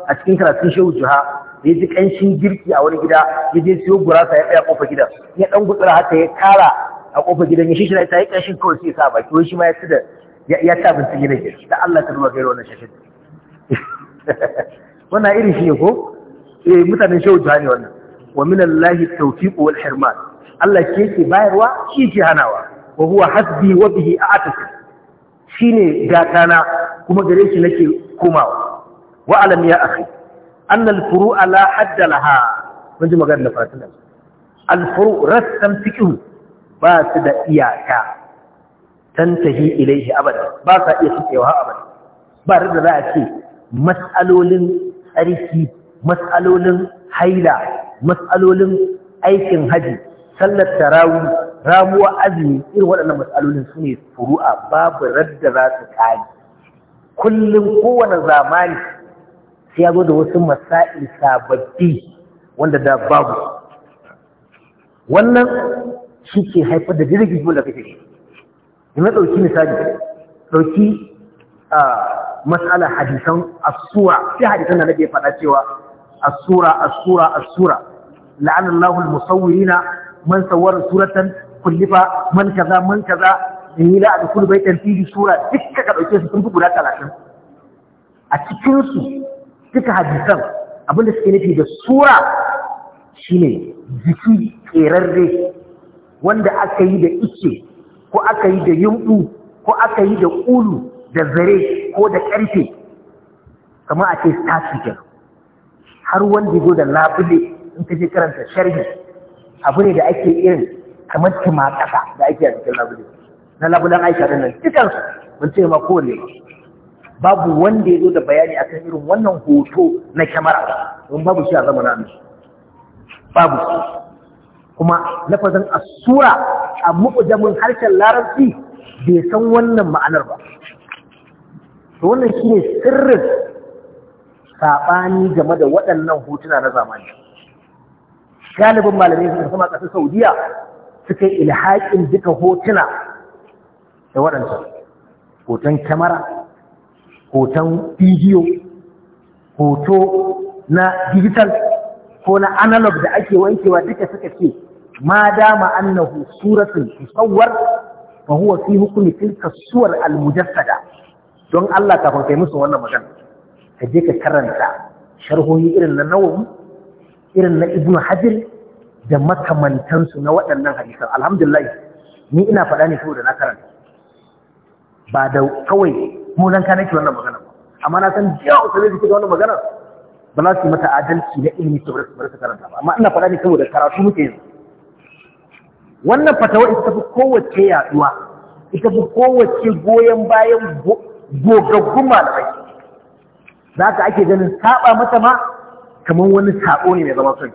a cikin karatun shehu juha ya ji kanshin girki a wani gida ya je siyo gurasa ya tsaya kofa gidan ya ɗan gutsura haka ya kara a kofar gidan ya shi ta yi ƙanshin kawai sai sa baki wai shi ma ya ci da ya sa bin gidan ya da Allah ta ruwa gairo wannan shashin wannan irin shi ne ko eh mutanen shehu ne wannan wa min Allah tawfiq wal hirman Allah shi yake bayarwa shi ke hanawa wa huwa hasbi wa bihi a'tasim shine gatana kuma gare shi nake komawa wa alam ya akhi la الفروع لا حد لها من جمع قال al الفروع رسم فكه ba su da iyaka tantahi ilaihi abada ba sa iya cikewa abada ba rada za a ce mas'alolin tsarki mas'alolin haila mas'alolin aikin haji sallar tarawi ramuwa azumi irin waɗannan matsalolin su ne furu'a babu radda za su kare kullum kowane zamani sai ya zo da wasu masa'il sababbi wanda da babu wannan shi ke haifar da jirgin da kake shi na ɗauki misali ɗauki matsala hadisan asura sai hadisan da nake faɗa cewa asura asura asura la'anallahu al-musawwirina man sawwara suratan kullifa man kaza man kaza in yi la'a kullu baitan fihi sura dukka ka ɗauke su sun fi guda talatin a cikinsu duka hadisan abinda suke nufi da sura shine jiki kerarre wanda aka yi da ice ko aka yi da yumbu ko aka yi da ƙulu da zare ko da ƙarfe kamar a ce har wanda zo da labule in ka je karanta sharhi abu ne da ake irin kamar cima ƙasa da ake a cikin labule na labulen aisha da nan cikin mun ce ma kowane babu wanda ya zo da bayani akan irin wannan hoto na kyamara babu shi a zamanin babu kuma lafazin asura a mu'ujamin harshen larabci bai san wannan ma'anar ba to wannan shine sirrin saɓani game da waɗannan hotuna na zamani galibin malamai sun sama ƙasar saudiya suka yi ilhaƙin duka hotuna da waɗansu hoton kyamara hoton bidiyo hoto na digital ko na analog da ake wankewa duka suka ce ma dama annahu suratun tusawwar fa huwa fi hukmi tilka suwar almujassada don Allah kafin kai musu wannan magana ka je ka karanta sharhohi irin na Nawawi irin na Ibn Hajar da makamantansu na waɗannan hadisan alhamdulillah ni ina faɗa ne saboda na karanta ba da kawai mu nan ka nake wannan magana amma na san jiya usule kike wannan magana ba za su mata adalci na ilimi ta wurin su karanta ba amma ina faɗa ne saboda karatu muke yanzu wannan fatawa ita tafi kowace yaduwa ita fi kowace goyon bayan gogaggun malamai za ka ake ganin saba mata ma kamar wani sabo ne mai zama kai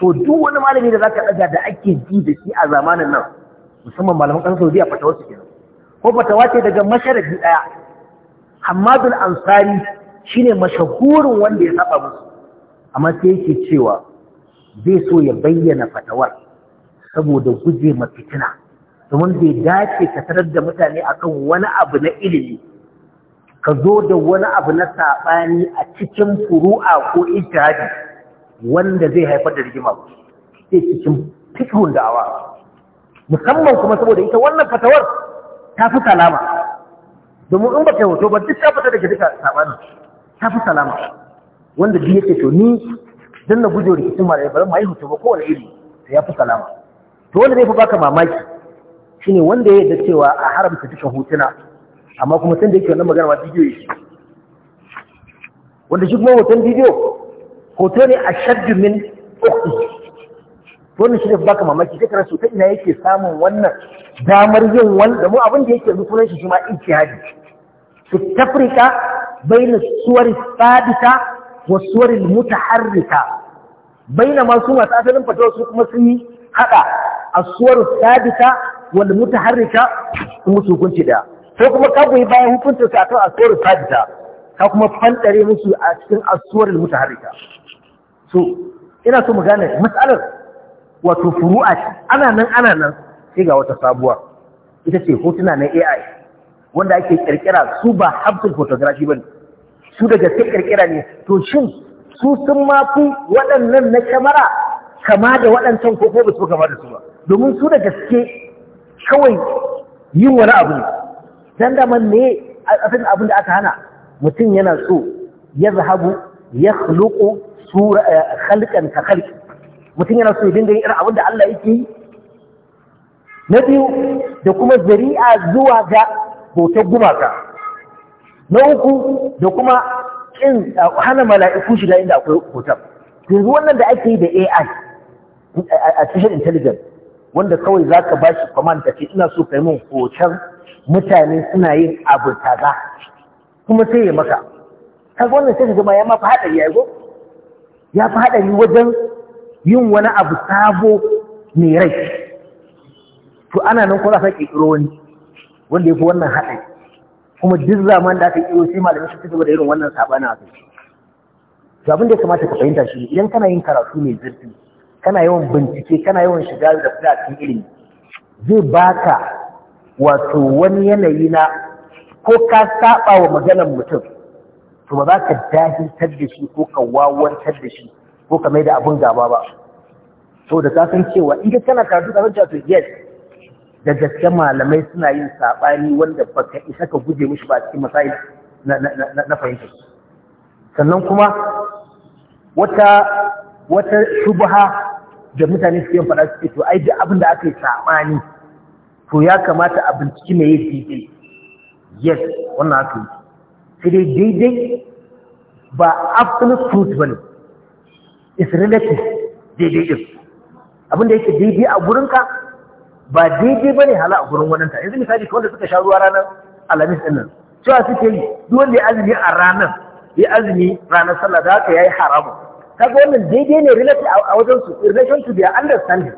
so duk wani malami da za ka ɗaga da ake ji da shi a zamanin nan musamman malaman ƙasar saudiya fatawa su kenan ko fatawa ce daga masharabi ɗaya hamadul ansari Shi ne mashahurin wanda ya saba musu amma sai yake cewa zai so ya bayyana fatawar saboda guje ma fitina domin bai dace ka tarar da mutane akan wani abu na ilimi ka zo da wani abu na saɓani a cikin furu'a ko ijtihadi wanda zai haifar da rigima ba sai cikin fikhun da'awa musamman kuma saboda ita wannan fatawar ta fi salama domin in ba yi hoto ba duk ta fita daga duka saɓanin ta fi salama wanda biyu yake to ni don na gujo rikicin malamai bari ma yi hutu ba kowane iri to ya fi salama to wanda zai fi baka mamaki ne wanda ya yi cewa a haramta dukan hotuna amma kuma san da yake wannan magana wata bidiyo yake wanda shi kuma hoton bidiyo hoto ne a shaddu min ukhti wannan shi ne baka mamaki sai kana so ta ina yake samun wannan damar yin wanda mu abin da yake rukunan shi shi ma ijtihadi su tafrika بين الصور الثابتة والصور المتحركة بين ما سوما تأثير فتوى سوق مسلمي هذا الصور الثابتة والمتحركة musu hukunci دا sai kuma ka goyi bayan hukuncin sa akan asuwar sabita ka kuma fantare musu a cikin asuwar mutaharrika so ina so mu gane matsalar wato furu'a ana nan ana nan sai ga wata sabuwa ita hotuna na AI wanda ake kirkira su ba hafsul photography bane su da gaske kirkira ne to shin su sun ma fi waɗannan na kamara kama da waɗancan ko ko su kama da su ba domin su da gaske kawai yin wani abu ne dan da man ne asalin abin da aka hana mutum yana so ya zahabu ya khluqu sura eh, ka khalqi mutum yana so ya dinga yin irin abin da Allah yake yi na biyu da kuma zari'a zuwa ga bautar gumaka na uku da kuma kin hana mala'iku shiga inda akwai hoton yanzu wannan da ake yi da AI artificial intelligence wanda kawai za ka ba shi command ina so ka yi min hoton mutane suna yin abu kaza kuma sai ya maka kaga wannan sai zama ya mafi fi haɗari ya go ya fi haɗari wajen yin wani abu sabo mai rai to ana nan kuma za ka ƙirƙiro wani wanda ya fi wannan haɗari kuma duk zaman da aka yi sai malamai su cigaba da irin wannan sabana a kai to abin da ya kamata ka fahimta shi idan kana yin karatu mai zurfi kana yawan bincike kana yawan shiga da fita a cikin ilimi zai baka wato wani yanayi na ko ka saba wa maganar mutum to ba za ka dahitar da shi ko ka wawantar da shi ko ka mai da abin gaba ba saboda ka san cewa in kana karatu ka san cewa to yes da gaske malamai suna yin saɓani wanda baka isa ka guje mishi ba cikin na fahimtar sannan kuma wata wata shubha da mutane suke faɗa suke to ai duk abin da aka yi saɓani to ya kamata a binciki mai yi daidai yes wannan aka yi sai dai daidai ba absolute truth ba ne is relative daidai is abin da yake daidai a gurinka ba daidai ba ne hala a gurin wannan ta yanzu misali wanda suka sha ruwa ranar alhamis ɗin nan cewa suke yi duk wanda ya azumi a ranar ya azumi ranar sallah da haka yayi haramu kaga wannan daidai ne relative a wajen su relation to their understanding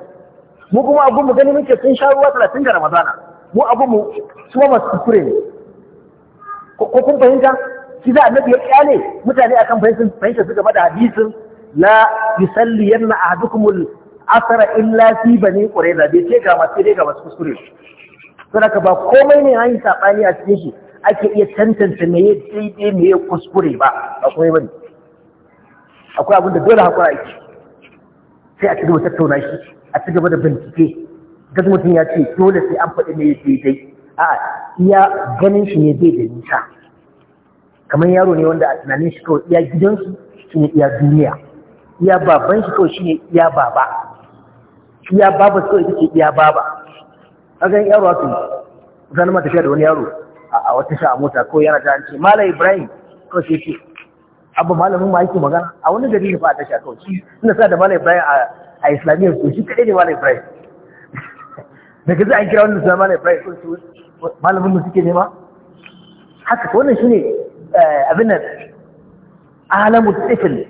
mu kuma abu mu gani muke sun sha ruwa talatin ga ramadana mu abu mu su masu kure ne ko kun fahimta shi za a nabi ya kyale mutane akan fahimtar su game da hadisin la yusalliyanna ahadukumul asara illa fi bani qurayza bai ce ga masu dai ga masu kuskure saboda ba komai ne hanyar saɓani sabani a cikin shi ake iya tantance me ya daidai me ya kuskure ba ba komai bane akwai abin da dole hakura yake sai a ci gaba tattauna shi a ci gaba da bincike duk mutum ya ce dole sai an faɗi me ya daidai a iya ganin shi ne bai da nisa kamar yaro ne wanda a tunanin shi kawai iya gidansu shi ne iya duniya iya baban shi kawai ne iya baba iya baba so ita ce iya baba kaga yaro wato zan ma tafiya da wani yaro a wata sha mota ko yana ta ce malam ibrahim ko sai ce abu malamin ma yake magana a wani gari ne fa a tasha kawai shi ina sa da malam ibrahim a islamiyyar ko shi kaɗai ne malam ibrahim daga zai an kira wannan suna malam ibrahim ko su malamin mu suke nema haka wannan shine eh, abin nan alamu tifil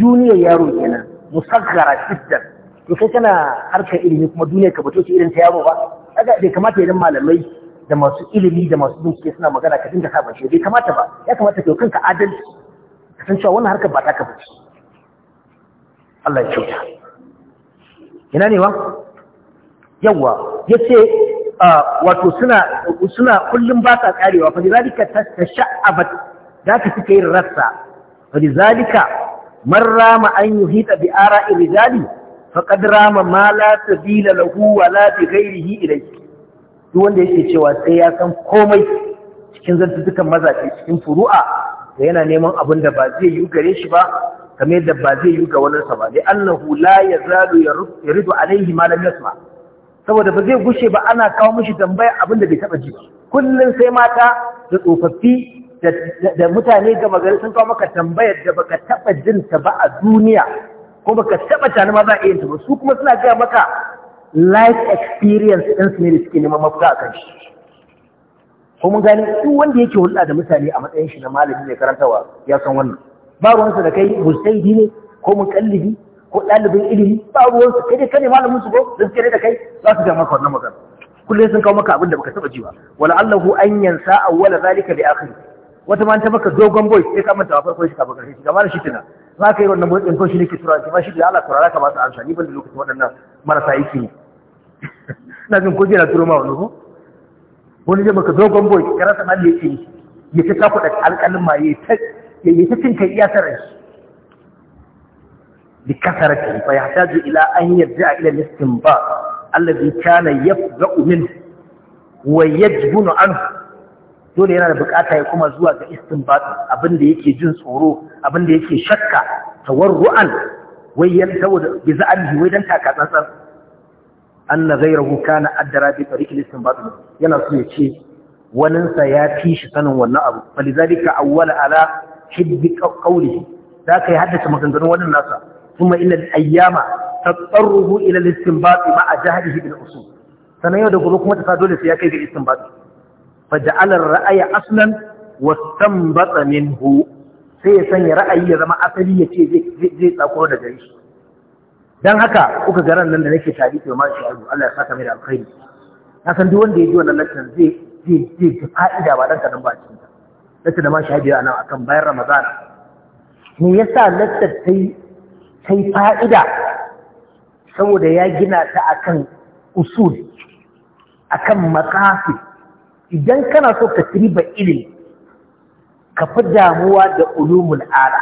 juniyar yaro kenan musakkara sitter to kai kana harkar ilimi kuma duniya ka bato ce irin ta yaro ba kaga bai kamata idan malamai da masu ilimi da masu bincike suna magana ka dinga saba shi bai kamata ba ya kamata ka kanka adalci ka san cewa wannan harkar ba ta ka bace Allah ya kyauta ina ne wa yawa yace wato suna suna kullum ba sa karewa fa zalika tasha'abat za ka fike yin rassa fa zalika man rama an yuhita bi ara'i rijali faƙad rama ma la sabila lahu wa la bi ghairihi ilayhi duk wanda yake cewa sai ya san komai cikin zantukan mazaje cikin furu'a da yana neman abin da ba zai yi gare shi ba kamar yadda ba zai yi ga sa ba dai annahu la yazalu yaridu alaihi ma lam yasma saboda ba zai gushe ba ana kawo mishi tambaya abin da bai taba ji kullun sai mata da tsofaffi da mutane gaba gari sun kawo maka tambayar da baka taba jin ta ba a duniya ko baka taba tani ma za a iya ta ba su kuma suna gaya maka life experience ɗin su ne da suke neman mafita a kan shi ko mun gani duk wanda yake hulɗa da mutane a matsayin shi na malami mai karantawa ya san wannan ba ruwansa da kai musaidi ne ko mun mukallibi ko ɗalibin ilimi ba ruwansu kai dai kane malamin su ko da suke da kai za su ga maka wannan magana kullum sun kawo maka abin da baka taba ji ba wala allahu an yansa awwala zalika bi akhir wata ma ta maka dogon boy sai ka manta farkon shi ka baka shi kamar shi tuna za ka yi wannan motsin ko shi ne ke turanci ba shi da ala turara ka ba su amsha ni ban da lokacin waɗannan marasa aiki ne na jin ko jira turo ma wani ko wani je baka dogon boy ka rasa nan yake yi ya ta kafa da alƙalin ma ya ta cin kai iya sarar shi bi kasarati fa ya yahtaju ila an yarja ila listin ba alladhi kana yafza'u min wa yajbunu anhu dole yana da bukata ya kuma zuwa ga istinbat abin da yake jin tsoro abin da yake shakka tawarru'an wai yan saboda bi za'alihi wai dan taka tsantsan anna ghayruhu kana addara bi tariqil istinbat yana so ya ce wanin sa ya fi shi sanin wannan abu falizalika awwal ala hibbi qawlihi da kai haddace maganganun wannan nasa kuma ila ayyama tatarruhu ila al-istinbat ma'a jahdihi bil usul sanan yau da gobe kuma ta sa dole sai ya kai ga istinbat faja'ala ra'aya aslan wastanbata minhu sai ya sanya ra'ayi ya zama asali ya ce zai tsako da gari don haka kuka garan nan da nake tari da ma shi Allah ya saka mai alkhairi na san duk wanda ya ji wannan lantar zai zai zai ga fa'ida ba dan kadan ba cikin ta lantar da ma shi hajiya nan akan bayan ramadan me yasa lantar tai tai fa'ida saboda ya gina ta akan usul akan maqasid idan kana so ka riba ilimi ka fi damuwa da ulumul ala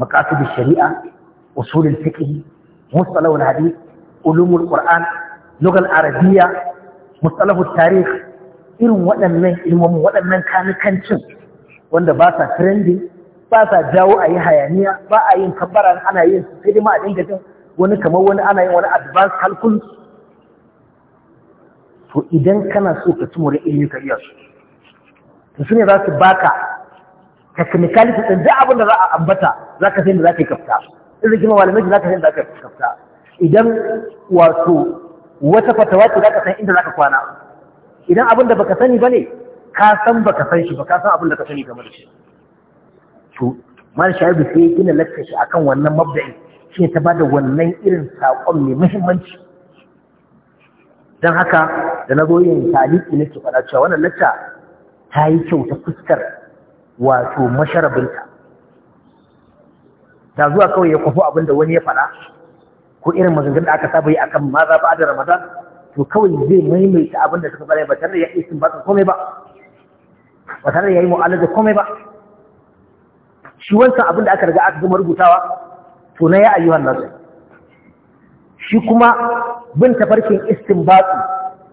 maqasid shari'a usul al-fiqh mustalah al-hadith ulum al-quran lugha irin waɗannan ilmomin waɗannan kanikancin wanda ba sa trending ba sa jawo a yi hayaniya ba a yin kabbara ana yin sai dai ma a dinga jin wani kamar wani ana yin wani advanced calculus to idan kana so ka ci more ilimi ka iya su to shine za su baka technicality din duk abin da za a ambata za ka san da za ka yi kafta irin kima malamai za ka san da za ka yi kafta idan wato wata fatawa ce za ka san inda za ka kwana idan abin da baka sani ba ne ka san baka san shi ba ka san abin da ka sani game da shi to mal shaibu sai gina lakka shi akan wannan mabda'i shi ta da wannan irin saƙon mai muhimmanci don haka da na zo yin taliki nake faɗa cewa wannan lacca ta yi kyau ta fuskar wato masharabinta da zuwa kawai ya kwafo abin da wani ya faɗa ko irin maganganun da aka saba yi akan kan maza ba da ramadan to kawai zai maimaita abin da suka faɗa ba tare da ya isin ba komai ba ba tare da ya yi da komai ba shi wancan abin da aka riga aka gama rubutawa to na ya ayyuhan nasu shi kuma bin tafarkin istinbatu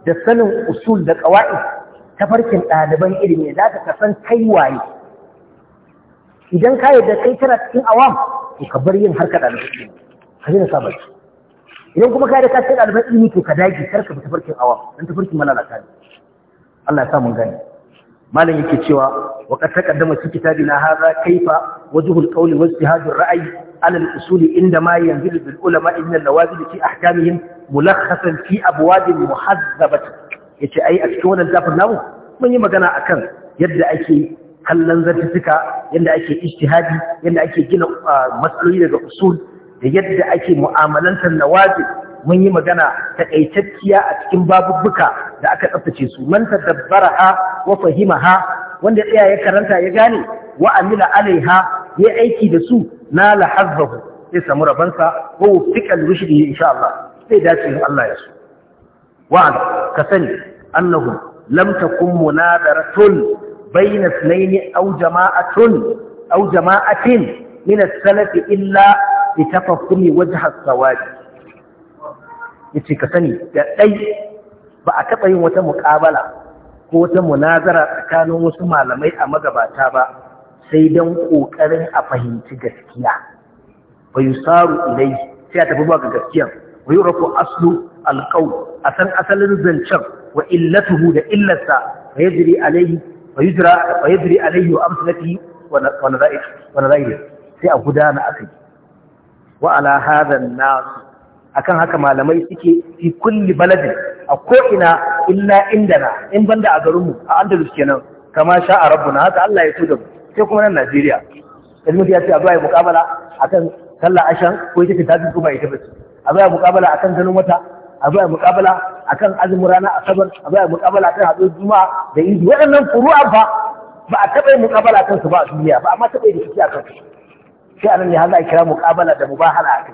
da sanin usul da kawai tafarkin ɗaliban ilimi za ka kasan kai waye idan ka da kai tana cikin awam to ka bar yin harkar ɗaliban ilimi ka daina sa baki idan kuma ka yi da cikin ɗaliban ilimi to ka dage kar ka bi tafarkin awam don tafarkin malalata ne Allah ya sa mun gane malam yake cewa wa qad taqaddama fi kitabina hadha kaifa wajhul qawli wa ijtihadul ra'ayi. على الأصول عندما ينزل بالعلماء من النوازل في أحكامهم ملخصا في أبواب محذبة yace ai a cikin wannan zafin namu mun yi magana akan yadda ake kallon zartuka yadda ake ijtihadi yadda ake gina matsaloli daga usul da yadda ake mu'amalanta nawazil mun yi magana takaitacciya a cikin babubbuka da aka tsaftace su man tadabbaraha wa ha, wanda tsaya ya karanta ya gane wa'amila amila alaiha ya aiki da su nala hazzahu zai samu rabansa ko wufiqal rushdi insha Allah sai dace in Allah ya so wa'al ka sani annahu lam takun munadaratun bayna ithnayn aw jama'atun aw jama'atin min as-salaf illa litafahumi wajh as-sawabi yace ka sani da dai ba a taba yin wata muqabala ko wata munazara tsakanin wasu malamai a magabata ba sai don ƙoƙarin a fahimci gaskiya ba yi saru ilai sai a tafi ba ga gaskiya wa yi rako aslu alƙau a san asalin zancen wa illatuhu da illarsa ba yi jiri alaihi ba yi jiri alaihi wa amsalati wa nazairi sai a gudana a kai wa ala hadan nasu akan haka malamai suke fi kulli baladin a ko'ina illa inda na, in banda a garinmu a andalus kenan kama sha a rabbuna haka Allah ya so da mu sai kuma nan Najeriya kalmata ya ce a zuwa yi mukabala akan sallah ashan ko ita ce ta zuku ba ita ba ce a zuwa yi mukabala akan ganin wata a zuwa yi mukabala akan azumin rana asabar a zuwa yi mukabala akan haɗo juma'a da idi waɗannan furu'a fa ba a taɓa yin mukabala a su ba a duniya ba amma taɓa yin rikici akan kansu. sai anan ne har za a kira mukabala da mubahala kai.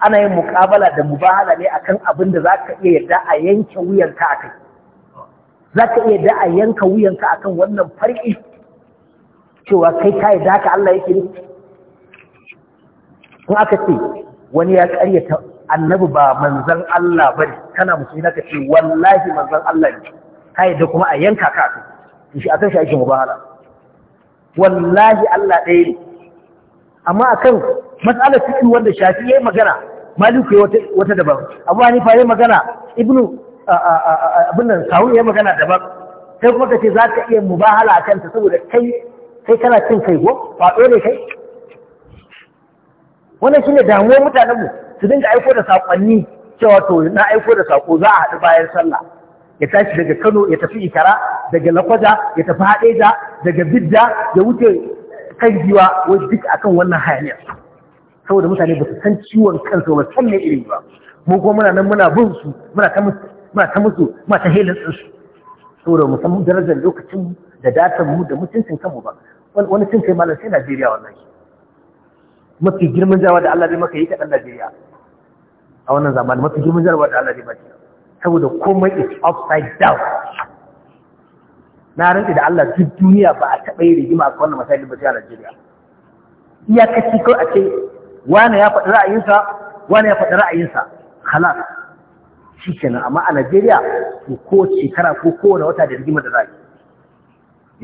ana yin mukabala da mubahala ne akan abin da zaka iya yarda a yanke wuyanka Za zaka iya yarda a yanka wuyanka akan wannan farki cewa kai ka yi haka Allah yake nufi kun aka ce wani ya karyata annabi ba manzan Allah bane kana yi naka ce wallahi manzan Allah ne ka yadda kuma a yanka ka a shi akan shi ake mubahala wallahi Allah ɗaya ne amma akan matsalar cikin wanda shafi ya yi magana maliku ya wata daban abu hanifa ya magana ibnu abin nan sahun ya yi magana daban sai kuma ka ce za ka iya mubahala a kanta saboda kai kai kana cin kai ko faɗo ne kai wannan shine damuwar mutanenmu su dinga aiko da saƙonni cewa to na aiko da saƙo za a haɗu bayan sallah ya tashi daga Kano ya tafi Ikara daga Lakwaja ya tafi haɗeja, daga Bidda ya wuce kan giwa wai duk akan wannan hayaniya saboda mutane ba su san ciwon kansu ba san mai iri ba mu kuma muna nan muna bin su muna ta musu muna ta helin su saboda mu darajar lokacin da datar mu da mutuncin kanmu ba wani cin kai malam sai Najeriya wannan shi mafi girman jarawa da Allah zai maka yi ta ɗan Najeriya a wannan zamanin mafi girman jarawa da Allah zai maka saboda komai is upside down na rantsi da Allah duk duniya ba a taɓa yi rigima a wannan masai ba sai a Najeriya iyakaci kawai a ce wani ya faɗi ra'ayinsa wani ya faɗi ra'ayinsa halas shi kenan amma a Najeriya ko kowace shekara ko kowane wata da rigima da za yi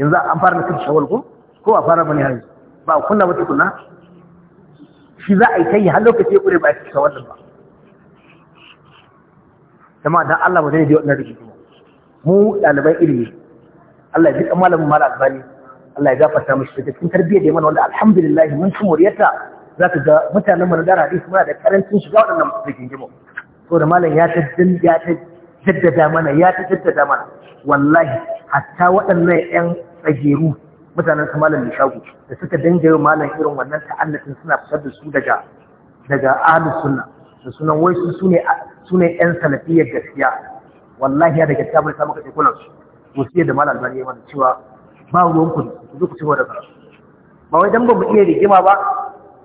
yanzu an fara nufin shawar ko ko a fara bane hari ba kunna wata kunna? shi za a yi kai har lokaci ya kure ba ya cika wannan ba jama'a dan Allah ba zai je wannan rigimu mu ɗaliban ilimi Allah ya ji kan malamin mala albani Allah ya gafarta mishi da cikin tarbiyyar da mana wanda alhamdulillah mun ci muryarta za ka ga mutanen mu na dara hadisi muna da karancin shiga waɗannan rigingimu to da malam ya ta ya ta jaddada mana ya ta jaddada mana wallahi hatta waɗannan ƴan tsageru mutanen su malam nishagu da suka dinga yi malam irin wannan ta'annatin suna fitar da su daga daga ahli sunna da sunan wai su sune sune ɗan salafiyyar gaskiya wallahi ya daga tabbata maka ce kullun su wasiya da malam albani ya mana cewa ba ruwan ku duk ku cewa da karatu ba wai dan ba mu iya rigima ba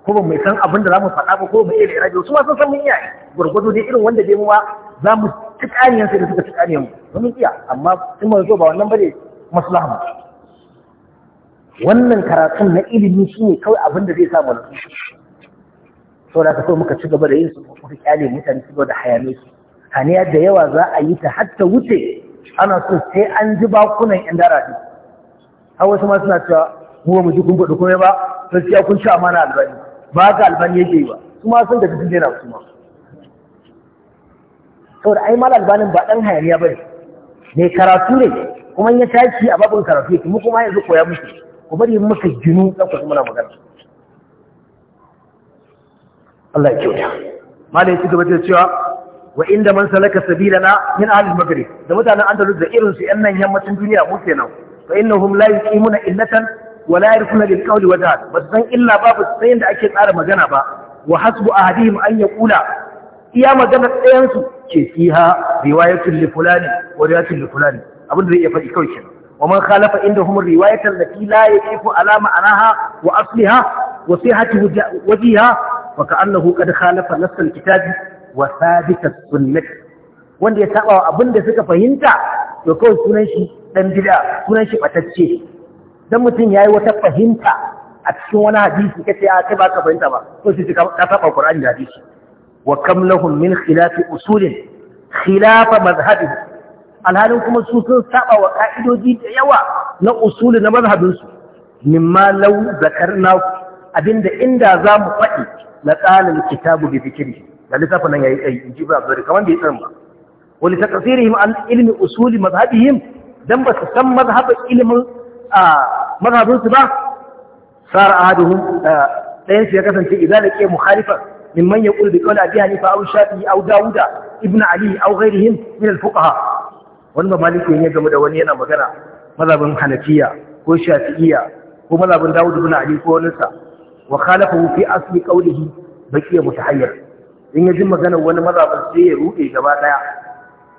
ko ba mu san abin da za mu faɗa ba ko mu iya rigima su ma sun san mun iya gurgudu dai irin wanda dai mu ba za mu ci sai da suka ci mu mun iya amma in mun zo ba wannan bane maslaha wannan karatun na ilimi shi ne kawai abin da zai na mu sau da kawai muka ci gaba da yin su kuka kyale mutane su da hayanai su haniya da yawa za a yi ta hatta wuce ana so sai an ji bakunan yan dara ne har wasu ma suna cewa mu ba mu ji kun faɗi komai ba gaskiya kun sha mana albani ba ga albani yake yi ba su ma sun da jikin jera su ma saboda ai mal albanin ba dan hayaniya ne, mai karatu ne kuma ya tashi a babin karatu ya kuma yanzu koya musu ku bari maka ginu ɗan ku muna magana Allah ya kyauta malai ci gaba da cewa wa inda man salaka sabilana min ahli al da mutanen andalus da irin su yan nan yammacin duniya mu kenan fa innahum la yuqimuna illatan wa la yarkuna bil qawli wa dal bas san illa babu sayin da ake tsara magana ba wa hasbu ahadihim an yaqula iya magana ɗayan su ce fiha ya li fulani wa riwayatun li fulani abin da zai iya faɗi kawai kenan ومن خالف عندهم الرواية التي لا يقف على معناها وأصلها وصحة وجهها فكأنه قد خالف نص الكتاب وثابت السنة wanda ya saba wa abin da suka fahimta to kawai sunan shi dan bid'a sunan shi batacce dan mutum yayi wata fahimta a cikin wani hadisi kace a ah, kai baka fahimta ba to da hadisi wa kam lahum min usulin khilafa madhhabihi alhalin kuma su sun saba wa ka'idoji da yawa na usuli na mazhabinsu mimma lau zakarna abinda inda za mu faɗi na tsalin kitabu bi fikiri da littafin nan yayi tsayi ji ba zuri kamar bai tsarin ba wani ta kasirihim an ilmi usuli mazhabihim dan ba su san mazhabin ilimin mazhabinsu ba sar ahaduhum ɗayan su ya kasance idan da ke mukhalifa mimman yaqul bi qawli abi hanifa aw shafi'i aw dawuda ibn ali aw ghayrihim min al-fuqaha wani ba maliki ya gamu da wani yana magana mazhabin hanafiya ko Shafi'iya ko mazhabin dawud ibn ali ko wani sa wa khalafahu fi asli qawlihi baqiya mutahayyir in yaji magana wani mazhabin sai ya rufe gaba daya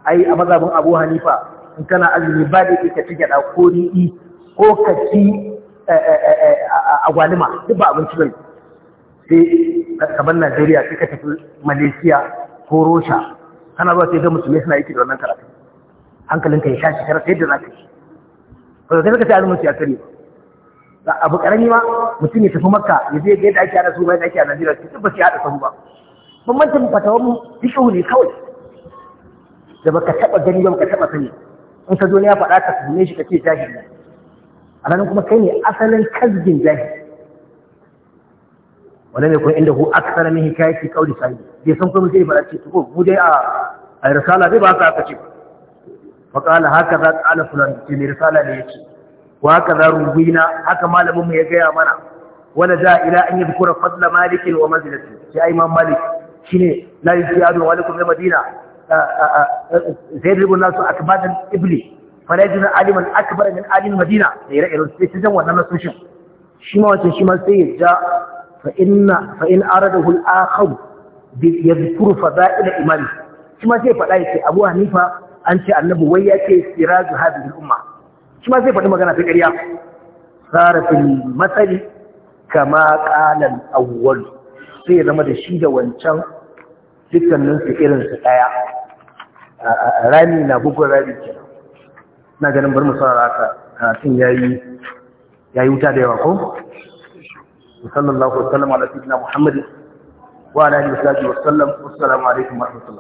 ai a mazhabin abu hanifa in kana azumi ba da ka tike da ko ni ko ka ci eh, eh, eh, gwalima duk ba abinci bane sai kaman Najeriya sai ka tafi Malaysia ko Russia kana ba sai ga musulmai suna yake da wannan karatu hankalinka ya shashi karar yadda za ka yi ko da kake sai su ya kare ba abu karami ma mutum ya tafi makka ya je ga yadda ake hada su bayan ake a najeriya su tabbas ya hada sahu ba mu fata mu fiƙihu ne kawai da baka taɓa gani ba baka taɓa sani in ka zo ne ya faɗa ka tsume shi ka ce jahili a ranar kuma kai ne asalin kazgin jahili wanda ne kuma inda hu aksara min hikayati qawli sahibi bai san kuma sai fara ce ko mu dai a a risala zai ba ka aka ce ba faƙala haka za ƙala fulan ce mai risala da yake wa haka za rubuina haka malamin mu ya gaya mana wala da ila an yi bukura fadla malikin wa manzilati ce ai imam malik shine la yusiyadu wa alaikum madina zai ribu nasu akbadan ibli falajin aliman akbar min alim madina da ire iren sai jan wannan nasoshin shi ma wace shi ma sai ya ja fa inna fa in aradahu al-akhar yadhkuru fada'il imani shi ma sai faɗa yake abu hanifa an ce annabi wai ya ce siraju hadhihi al-umma shi ma sai faɗi magana ta ƙarya sarafin matsali kama ƙalan awwal sai ya zama da shi da wancan dukkanin su irin su ɗaya rami na bugun rami kenan na ganin bar mu saurara ka karatun yayi yayi wuta da yawa ko sallallahu alaihi wa sallam ala sayyidina muhammad wa ala alihi wa sallam assalamu alaikum wa rahmatullahi